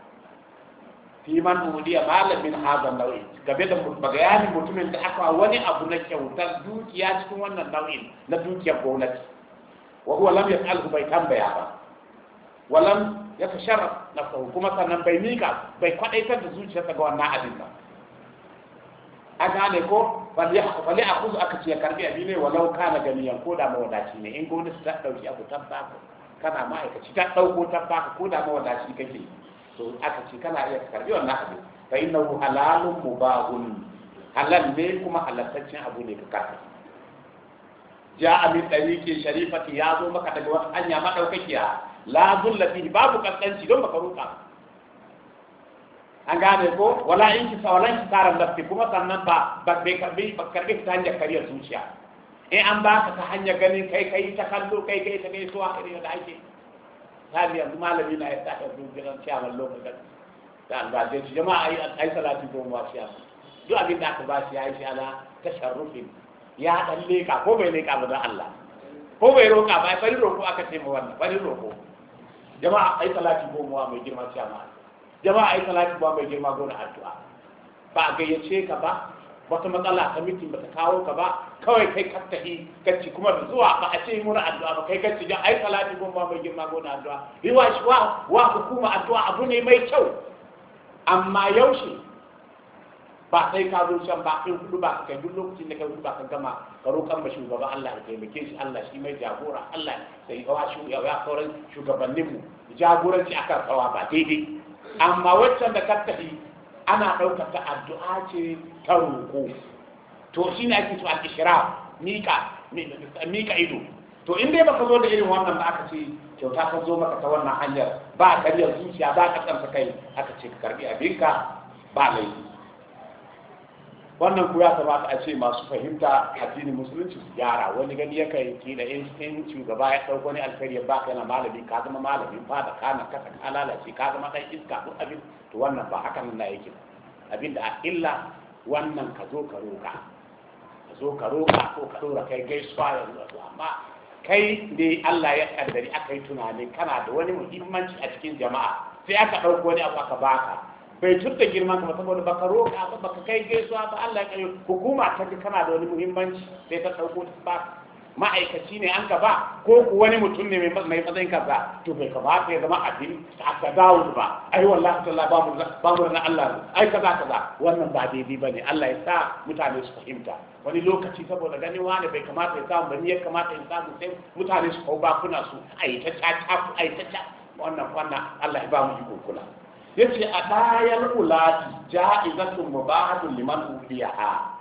fi man hudiya malam min hada nau'in game da bayanin mutumin da aka wani abu na kyautar dukiya cikin wannan nau'in na dukiya gwamnati wa huwa lam yaf'alhu bai tambaya ba wa lam yatasharraf nafsuhu kuma sannan bai mika bai kwadaitar da zuciyarsa ga wannan abin ba a gane ko wali a kuzu aka ce ya karbi abi ne walau kana ganiyan ko da mawadaci ne in gwamnati ta dauki abu ta kana ma'aikaci ta dauko ta ko da mawadaci kake yi to aka ce kana iya karbi wannan abin fa innahu halalun mubahun halal ne kuma halaltaccen abu ne ka karbi ja amin dariki sharifati ya zo maka daga wata hanya madaukakiya la zulla fihi babu kaskanci don baka ruka an gane ko wala in ki sawalan ki tsaran lafi kuma sannan ba ba bai karbi ba karbi ta hanya kariyar zuciya in an baka ta hanyar ganin kai kai ta kallo kai kai ta gaisuwa irin da ake hali yanzu malami na ya tafi rundunar ciyaman lokacin da albajin shi jama'a a yi salati goma ba shi yamu duk abin da aka ba shi ya yi shi ana tasharrufin ya dan leka ko bai leka ba don Allah ko bai roƙa ba bari roƙo aka ce ma wannan bari roƙo jama'a a yi salati ko goma mai girma ciyaman jama'a a yi salati ko goma mai girma gona addu'a ba a gayyace ka ba wata matsala ta mutum ba ta kawo ka ba kawai kai kattahi kacci kuma da zuwa ba a ce muna addu'a ba kai kacci jan ai salati ba mai girma gona addu'a yi wa shi wa wa hukuma addu'a abu ne mai kyau amma yaushe ba sai ka zo can ba in kudu ba kai duk lokacin da kai kudu ba ka gama ka roƙan ba shugaba Allah ya taimake shi Allah shi mai jagora Allah sai ya shi ya ya sauran shugabanninmu jagoranci akan tsawa ba daidai amma waccan da kattahi ana ɗaukar ta addu'a ce ta roƙo to shi ne ake so al'ishira ishraf mika ido to in dai baka zo da irin wannan ba aka ce kyauta ka zo maka ta wannan hanyar ba karyar zuciya ba ka tsanta kai aka ce ka karbi abinka ba laifi wannan ku ya kamata a ce masu fahimta addinin musulunci su gyara wani gani yi ke da in shugaba ya ɗauko ne alkhairi ya baka yana malami ka zama malamin da kana kasa ka lalace ka zama kai iska duk abin to wannan ba hakan na yake abin da a illa wannan ka zo ka roka ka zo ka roka ko ka dora kai gaisuwa yanzu a amma kai ne Allah ya kaddari aka yi tunani kana da wani muhimmanci a cikin jama'a sai aka ɗauko ne abu aka baka bai turta girma kuma saboda baka roƙa ba baka kai gaisuwa ba Allah ya kai hukuma ta ji kana da wani muhimmanci sai ta dauko ba ma'aikaci ne an ka ba ko ku wani mutum ne mai matsayin kaza to bai kamata ya zama abin ka dawo ba ai wallahi sallah ba mu ba mu na Allah ne ai kaza kaza wannan ba daidai bane Allah ya sa mutane su fahimta wani lokaci saboda ganin wani bai kamata ya samu bane ya kamata ya samu sai mutane su kau ba kuna su ai ta ta ai ta ta wannan wannan Allah ya ba mu iko kula yace a dayal ulati ja'izatun mubahatun liman ufiyaha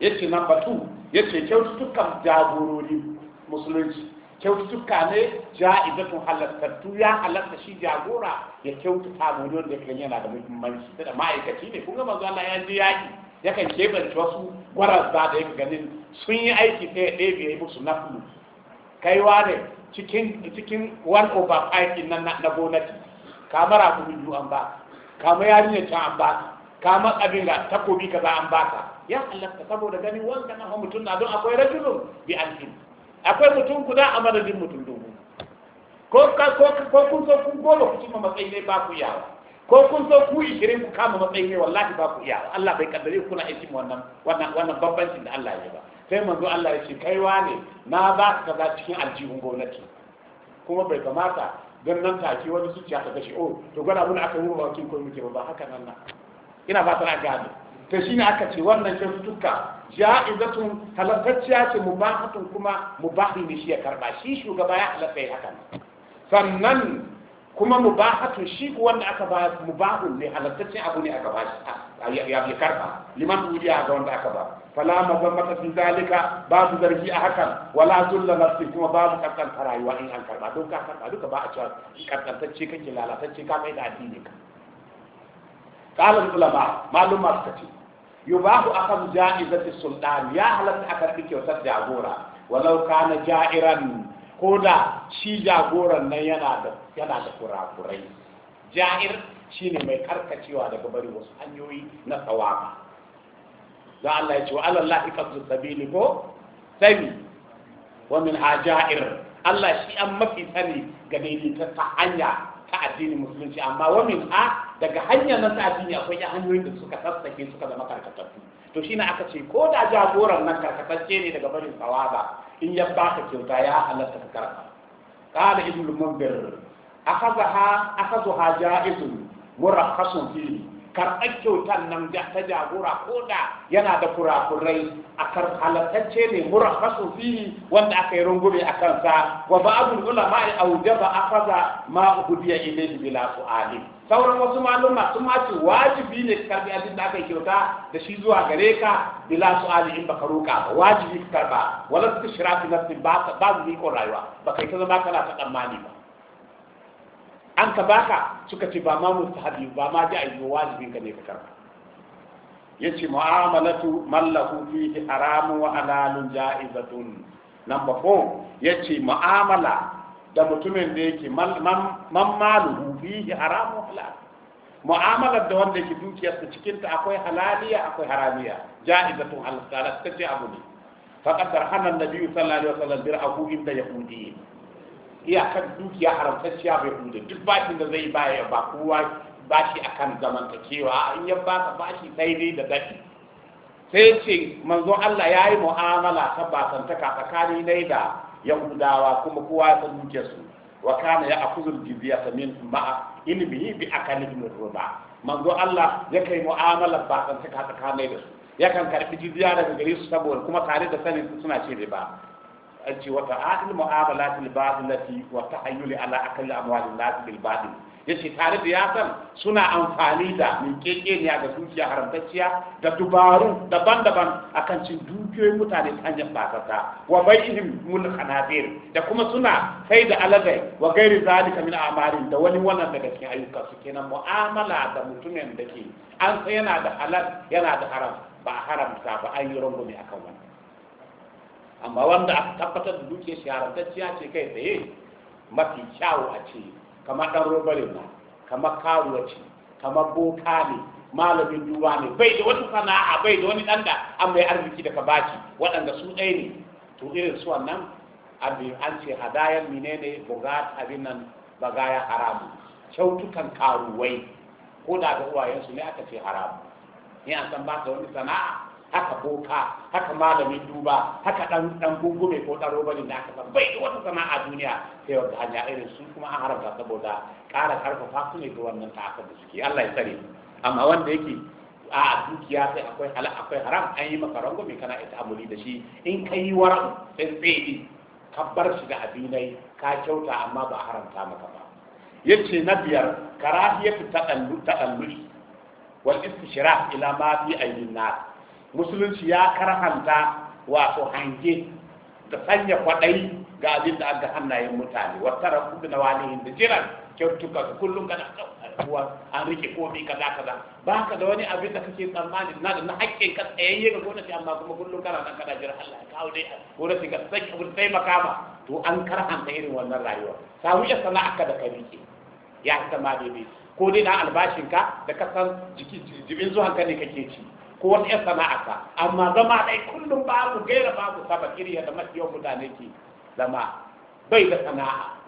yace number batu yace kyaututtukan jagorori musulunci kyaututtuka ne ja'izatun halattattu ya halatta shi jagora ya kyautata mu don da kan yana da muhimmanci da ma'aikaci ne kun ga zuwa ya ji ya kan keɓance wasu gwarazza da ya ganin sun yi aiki ɗaya ɗaya yi musu na kai wane cikin cikin one over five nan na gonati kama rafu hindu an ba baka kama ne can an ba ka kama abin da takobi kaza an ba ka ya halatta saboda ganin wanda na mutum na don akwai rajulun bi alfin akwai mutum guda a madadin mutum dubu ko kun so kun goma ku cimma matsayi ne ba ku yawa ko kun so ku ishirin ku kama matsayi ne wallahi ba ku yawa Allah bai kaddare ku na aikin wannan wannan wannan babbancin da Allah ya ba sai manzo Allah ya ce kai wane na ba ka kaza cikin aljihun gwamnati kuma bai kamata don nan take wani zuciya ta kashe o oh, to gwada mun aka ruwa wakil ko muke ba haka nan na ina fatan a gane shi ne aka ce wannan kyaututtuka ja'izatun halattacciya ce mubahatun kuma mubahi ne shi ya karba shi shugaba ya halatta ya haka sannan kuma mubahatun shi ko wanda aka ba mubahun ne halattaccen abu ne aka ba shi ya fi karba liman duniya ga wanda aka ba fala mazammata fi zalika babu zargi a hakan wala zulla nafsi kuma babu kaskanta rayuwa in an karba don ka karba duka ba a cewa kaskantacce kake lalatacce ka mai da addini ka qala ulama malum ma suka ce yubahu akan ja'izati sultan ya halatta aka karbi kyautar jagora walau kana ja'iran ko da shi jagoran nan yana da yana da kurakurai ja'ir shine mai karkacewa daga bari wasu hanyoyi na tsawaba za Allah ya ce wa alallahi qasdu sabili ko sabi. wa min ja'ir Allah shi an mafi sani ga daidaita ta hanya ta addinin musulunci amma wa min ha daga hanya na ta addini akwai ya hanyoyin da suka sassake suka zama karkatattu to shi na aka ce ko da jagoran nan karkatacce ne daga barin tsawaba in ya baka kyauta ya halatta ka karka قال ابن المنذر akhadha akhadha ja'izun murakhasun fihi karɓar kyautar nan ta jagora ko da yana da kurakurai a kar halatacce ne murakkasu fihi wanda aka yi rungume a kansa wa ba'dul ulama ba aujaba afaza ma ubiya ilayhi bila su'ali sauran wasu maluma sun ma ce wajibi ne ka karbi abin da aka yi kyauta da shi zuwa gare ka bila su'ali in baka roka ba wajibi ka karba wala tushrafi nafsin ba ba zai ko rayuwa baka yi ta zama kana ta tsammani ba an ka baka suka ce ba ma mustahabi ba ma ji ayyu wajibin ka ne ka karba yace mu'amalatu mallahu lahu fihi haramun wa halalun ja'izatun number 4 yace mu'amala da mutumin da yake man maluhu fihi wa halal mu'amalar da wanda yake dukiyarsa cikin ta akwai halaliya akwai haramiya ja'izatun halal ta ce abu ne faqad darhana an-nabi sallallahu alaihi wasallam bir'ahu inda yahudi iyakar dukiya haramtacciya bai hudu duk bashin da zai baya ba kowa bashi akan zamantakewa in ya baka bashi sai dai da dadi sai ce manzon Allah ya yi mu'amala ta basantaka tsakani dai da yahudawa kuma kowa ya san su wa kana ya akuzul jizya min ma ilmihi bi akalihim ruba manzon Allah ya kai mu'amala basantaka tsakani da su yakan karbi jizya daga gare su saboda kuma tare da sanin suna ce riba an ce wata ahil mu'amalatil batilati wa tahayyuli ala akal amwalin nas bil batil yace tare da ya san suna amfani da minkeke ne ga dukiya haramtacciya da dubaru daban-daban akan cin dukiyoyin mutane ta hanyar bakata wa bai'ihim mul khanazir da kuma suna sai da alazai wa gairi zalika min amarin da wani wannan daga cikin ayyuka su kenan mu'amala da mutumin da ke an yana da halal yana da haram ba haramta ba an yi rungume akan wannan amma wanda aka tabbatar da dukiyar shi haramtacciya ce kai tsaye mafi kyawu a ce kamar ɗan robarin na kamar karuwa ce kamar boka ne malamin duba ne bai da wata sana'a bai da wani ɗanda an mai arziki daga baki waɗanda su ɗaya ne to irin su wannan abin an ce hadayar menene bugat abin nan gaya haramu kyautukan karuwai ko da ga uwayensu ne aka ce haramu ni an san ba ta wani sana'a haka boka haka malamin duba haka dan dan mai ko daro bane da aka bai da wata a duniya sai wanda hanya irin su kuma an haramta saboda ƙara karfafa su ne ga wannan ta'akkar da suke Allah ya tsare amma wanda yake a dukiya sai akwai hala akwai haram an yi maka rango mai kana ita amuli da shi in ka yi wara sai tsaye ka bar shi da abinai ka kyauta amma ba haramta maka ba yace na biyar karahiyatu ta'allu tadalluli wal istishrak ila ma fi ayyin nas musulunci ya karhanta wato hange da sanya kwadai ga abin da aka hannayen mutane wata rafu da walihin da jiran kyautuka su kullum kana kuwa an rike komi ka za ba ka da wani abin da kake tsammanin na da na haƙƙin ka tsayayye ga gwamnati amma kuma kullum kana nan kana jira Allah ya kawo dai gwamnati ka sai ka sai makama to an karhanta irin wannan rayuwa samu ya sana'a ka da ka rike ya kama da daidai ko dai na albashin ka da ka san jibin zuwan ka ne kake ci ko wata sana'a sana'arsa amma zama ɗai kullum babu gaira babu saba kiriya da mafi yawan mutane ke zama bai da sana'a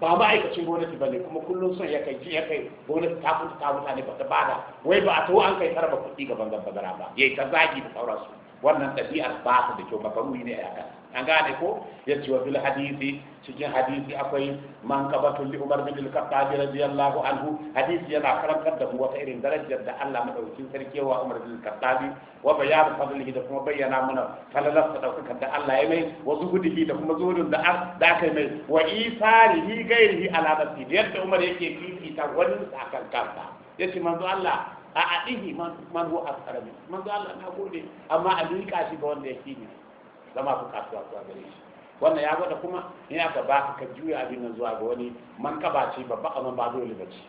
ba ma'aikacin gwamnati ba ne kuma kullum son ya kai ya kai gwamnati ta kuta ta mutane ba ta bada wai ba a to an kai tara ba kuɗi gaban gaba ba yayi ta zagi da sauransu wannan ɗabi'ar ba su da kyau ba wuyi ne a yakan an gane ko ya ce wa fil hadisi cikin hadisi akwai man kabatun li umar bin al-khattab radiyallahu anhu hadisi yana karantar da mu wata irin darajar da Allah madaukakin sarki wa umar bin al-khattab wa bayan fadlihi da kuma bayyana mana falalar da daukakar da Allah ya mai wa zuhudihi da kuma zuhudin da da kai mai wa isarihi gairihi ala nafsi yadda umar yake ta wani akan kanta yace manzo Allah a adihi man man huwa asarabi manzo Allah na gode amma a duka shi ga wanda yake ne zama ku kasuwa zuwa gare shi wannan ya gwada kuma ni aka ba ka juya abin nan zuwa ga wani man kaba ce babba amma ba dole ba ce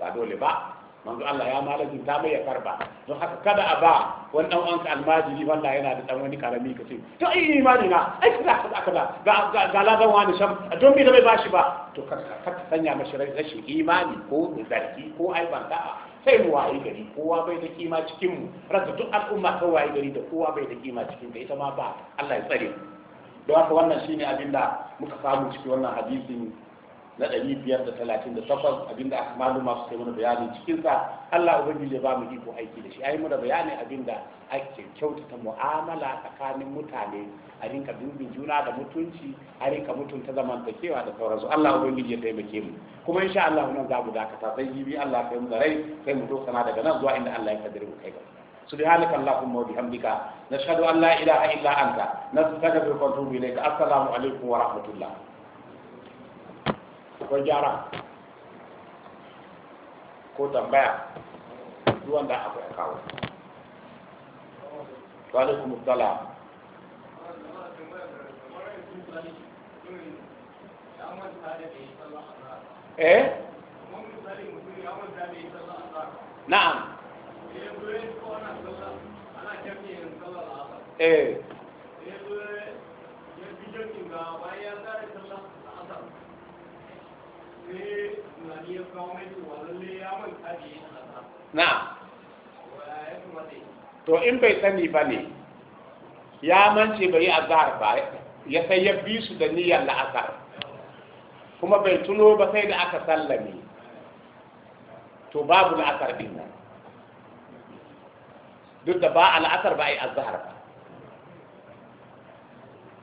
ba dole ba manzo Allah ya malakin ta mai ya karba don haka kada a ba wani dan uwanka almajiri wallahi yana da dan wani karami ka ce to ai imani na ai kaza kaza kaza ga ga ga wani sham don bi da bai bashi ba to kar ka sanya mashi rashin imani ko zargi ko aibanta sai mu wayi gari kowa bai da kima cikin mu rasa duk al'umma ta wayi gari da kowa bai da kima cikin da ita ma ba Allah ya tsare don haka wannan shine Abinda da muka samu cikin wannan hadisin na ɗari biyar da talatin da takwas abinda aka maluma su kai mana bayanin sa Allah ubangiji ya ba mu iko aiki da shi ayi mana bayani abinda ake kyautata mu'amala tsakanin mutane a rinka dubin juna da mutunci a rinka mutunta zamantakewa da sauransu Allah ubangiji ya taimake mu kuma insha Allah nan za mu dakata sai jibi Allah kai mu da rai sai mu dokana daga nan zuwa inda Allah ya kaddare mu kai gaba سبحانك اللهم وبحمدك نشهد ان لا اله الا انت نستغفرك ونتوب اليك السلام عليكم ورحمه الله akwai gyara ko tambaya wanda da akwai kawo walaikun mutala eh na'am eh na to in bai sani ba ne ya mance bai yi azhar ba ya sai ya bi su da niyyar la'asar kuma bai tuno ba sai da aka sallame to babu la'asar din nan duk da ba a la'asar ba a yi azhar ba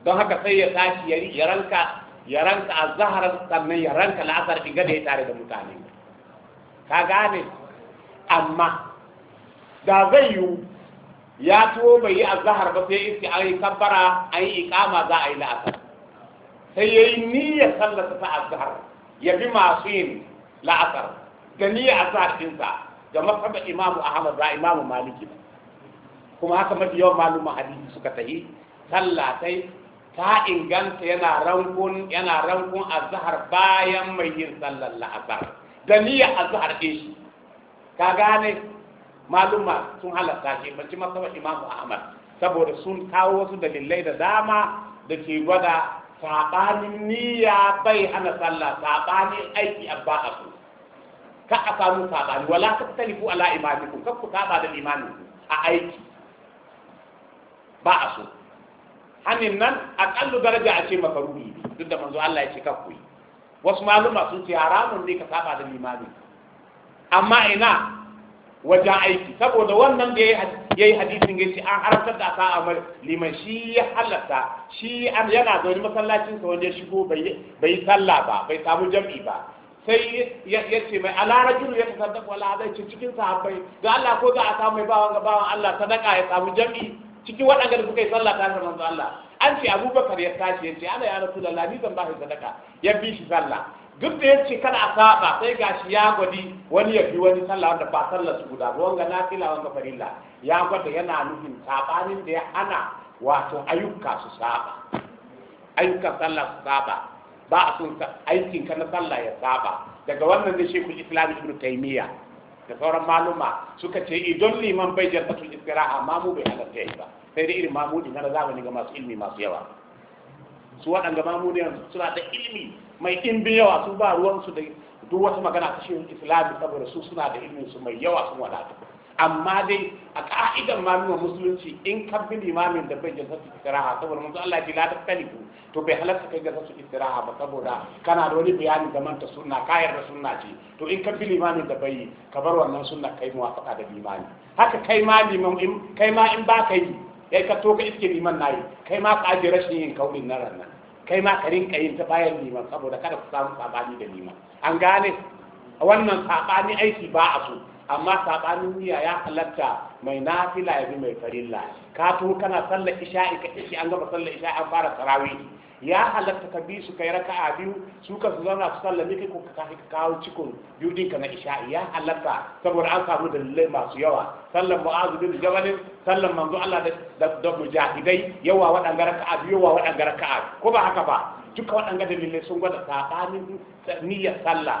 don haka sai ya tashi ya ranka yaranka a azhar sannan yaranka la'asar in ga da ya tare da mutane ka gane amma da zai yiwu ya tuwo bai yi azahar ba sai iske an yi kabbara an yi ikama za a yi la'asar sai ya yi niyyar sallata ta azahar ya bi masu yin la'asar da niyyar azahar ɗinsa da masaba imamu ahmad ba imamu maliki kuma haka mafi yawan maluma hadisi suka tahi sallatai. ta inganta yana rankun yana rankun azhar bayan mai yin sallar azhar da ya azhar ɗin shi ka gane maluma sun halatta shi banci masaba imamu ahmad saboda sun kawo wasu dalilai da dama da ke gwada sabanin niyya bai hana sallah sabanin aiki abba ba a su. ka a samu saɓani wala ta talifu ala imanikum ka ku saba da imanin a aiki ba a so hannun nan a ƙallu daraja a ce maka ne duk da manzo Allah ya ce kan koyi wasu maluma sun ce haramun ne ka saba da limani amma ina wajen aiki saboda wannan da ya yi hadisin ya ce an haramtar da aka amur liman shi ya halatta shi yana zaune masallacinsa wanda ya shigo bai sallah ba bai samu jam'i ba sai ya ce mai alara jiru ya tasaddaq wala zai ce cikin sahabbai ga Allah ko za a samu mai bawan ga bawan Allah sadaka ya samu jam'i cikin waɗanda da suka yi sallah ta da Allah an ce Abubakar ya tashi ya ce ana ya Rasulullah ni zan ba shi sadaka ya bi shi sallah duk da ya ce kada a saba sai ga shi ya gwadi wani ya fi wani sallah wanda ba sallah su guda ba wanga nafila wanga farilla ya gwada yana nufin sabanin da ya ana wato ayyuka su saba Ayyuka sallah su saba ba a son aikin ka na sallah ya saba daga wannan da shekul islam ibn taymiya da sauran maluma suka ce idan eh, liman bai jalbatul istiraha mamu bai halatta yi ba sai dai irin mamudi na zamani ga masu ilmi masu yawa su waɗanda yanzu suna da ilmi mai ɗimbin yawa su ba ruwansu da duk wata magana ta shi islami saboda su suna da ilmin su mai yawa sun wadata amma dai a ka'idan mamin musulunci in ka bi limamin da bai jalsa su istiraha saboda manzo Allah ya la talibu to bai halatta kai jalsa su istiraha ba saboda kana da wani bayani da manta sunna kayar da sunna ce to in ka bi limamin da bai ka bar wannan sunna kai muwafaqa da limami haka kai ma liman in kai ma in ba ka yi kai ka to ka iske liman nayi kai ma ka aje rashin yin kaurin na rana. kai ma ka rinka yin ta bayan liman saboda kada ku samu sabani da liman an gane wannan sabani aiki ba a so amma sabanin niyya ya halatta mai nafila ya bi mai farilla ka to kana sallar isha'i ka ishi an gaba sallar isha'i an fara tarawih ya halatta ka bi su kai raka'a biyu su ka su zauna su sallame kai ko ka ka kawo cikon biyu ka na isha'i ya halatta saboda an samu dalilai masu yawa sallar mu'azu bin jabalin sallar manzo Allah da mujahidai yawa waɗanga raka'a biyu yawa waɗanga raka'a ko ba haka ba duka waɗanga dalilai sun gwada sabanin niyyar sallah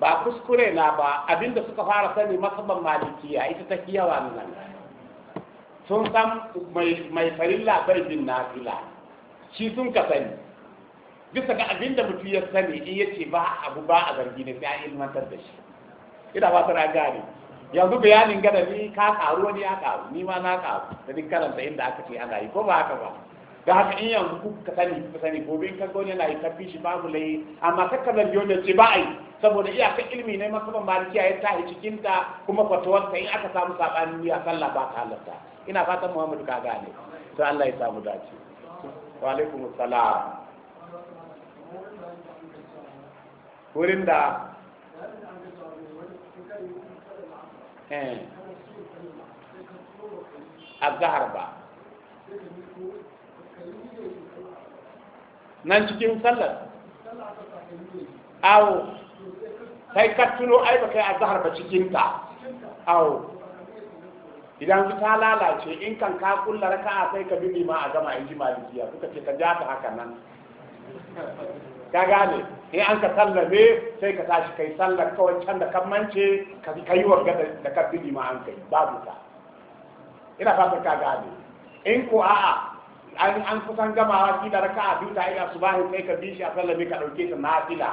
ba kuskure na ba abinda suka fara sani masaban malikiya ita ta yawa nan sun san mai farin bai bin fila shi sun ka sani bisa ga abinda mutum ya sani in ya ce ba abu ba a zargi ne sai a ilmantar da shi ina ba tara gane yanzu bayanin gada ni ka karu wani ya karu ni ma na karu da duk karanta inda aka ce ana yi ko ba haka ba da haka in yanzu ka sani ku sani gobe in ka gani yana yi kafi shi babu lai amma kakka yau wanda ce ba a yi saboda iyaka ilmi ne masaban malikiya ya a cikin ta kuma ta in aka samu sabani ya sallah ba ta halarta ina fatan Muhammadu ka gane to Allah ya samu dace wa alaikum assalam wurin da eh. a zahar ba nan cikin sallar awo kai ka tuno ai ba kai azhar ba cikin ta aw idan su ta lalace in kan ka kulla raka'a sai ka bibi ma a gama in ji malikiya suka ce ka ja ta haka nan ka gane in an ka sallame sai ka tashi kai sallar kawai can da kan mance ka wa gada da ka bibi ma an kai babu ta ina fatan ka gane in ko a'a an kusan gamawa da raka'a biyu ta ina subahin sai ka bishi a sallame ka dauke ta nafila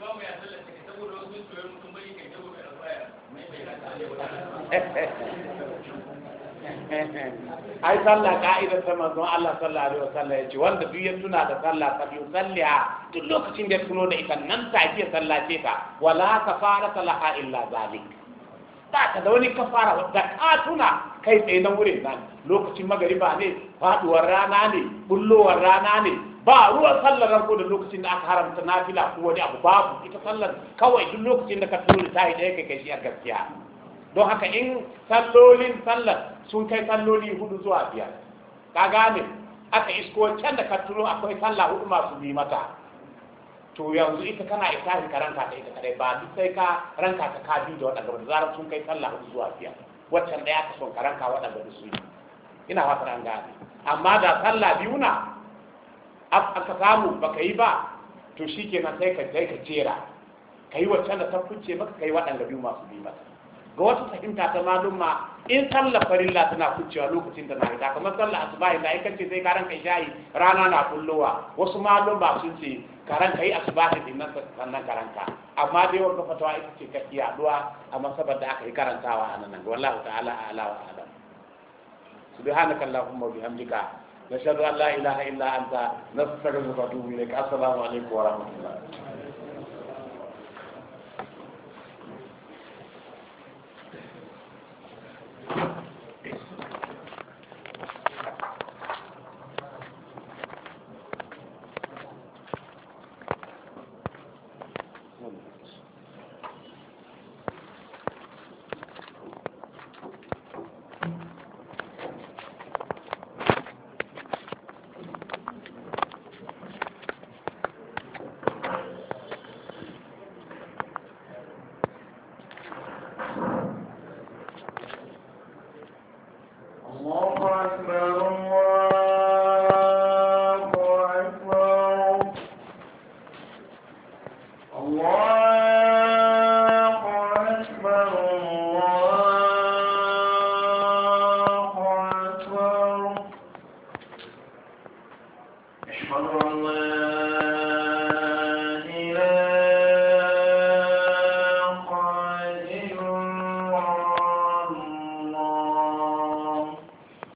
ai sallah ka'idar ta manzon Allah sallallahu alaihi wasallam yace wanda duk ya tuna da sallah fa duk lokacin da ya tuno da ita nan ta sallah ce ta wala kafara salaha illa zalik ta ka da wani kafara da ka tuna kai tsaye na wurin nan lokacin magariba ne faduwar rana ne bullowar rana ne ba ruwan sallar ranko da lokacin da aka haramta na fila ko wani abu babu ita sallar kawai duk lokacin da ka turo da yi ɗaya kai kai shi a gaskiya don haka in sallolin sallar sun kai salloli hudu zuwa biyar ka gane aka isko can da ka turo akwai sallah hudu masu bi mata to yanzu ita kana isahin ka ranka ta ita kadai ba duk sai ka ranka ta ka bi da waɗanda da zarar sun kai sallah hudu zuwa biyar waccan ɗaya ka son ka ranka waɗanda da su yi ina fatan an gane amma da sallah biyu na aka samu baka yi ba to shi kenan sai ka sai ka jera ka yi wacce da ta kunce maka ka yi waɗanda biyu masu bi maka ga wata fahimta ta malumma in sallar farilla tana kuncewa lokacin da na hita kamar sallar asubahi da in ce sai karan kai shayi rana na kullowa wasu malumma sun ce karan kai ta din nan sannan karanta amma dai wannan fatawa ita ce ka yaduwa a masabar da aka yi karantawa a nan wallahu ta'ala a'la wa a'lam subhanakallahumma wa bihamdika nashhadu an la ilaha illa anta nastaghfiruka wa atubu ilaik assalamu alaikum wa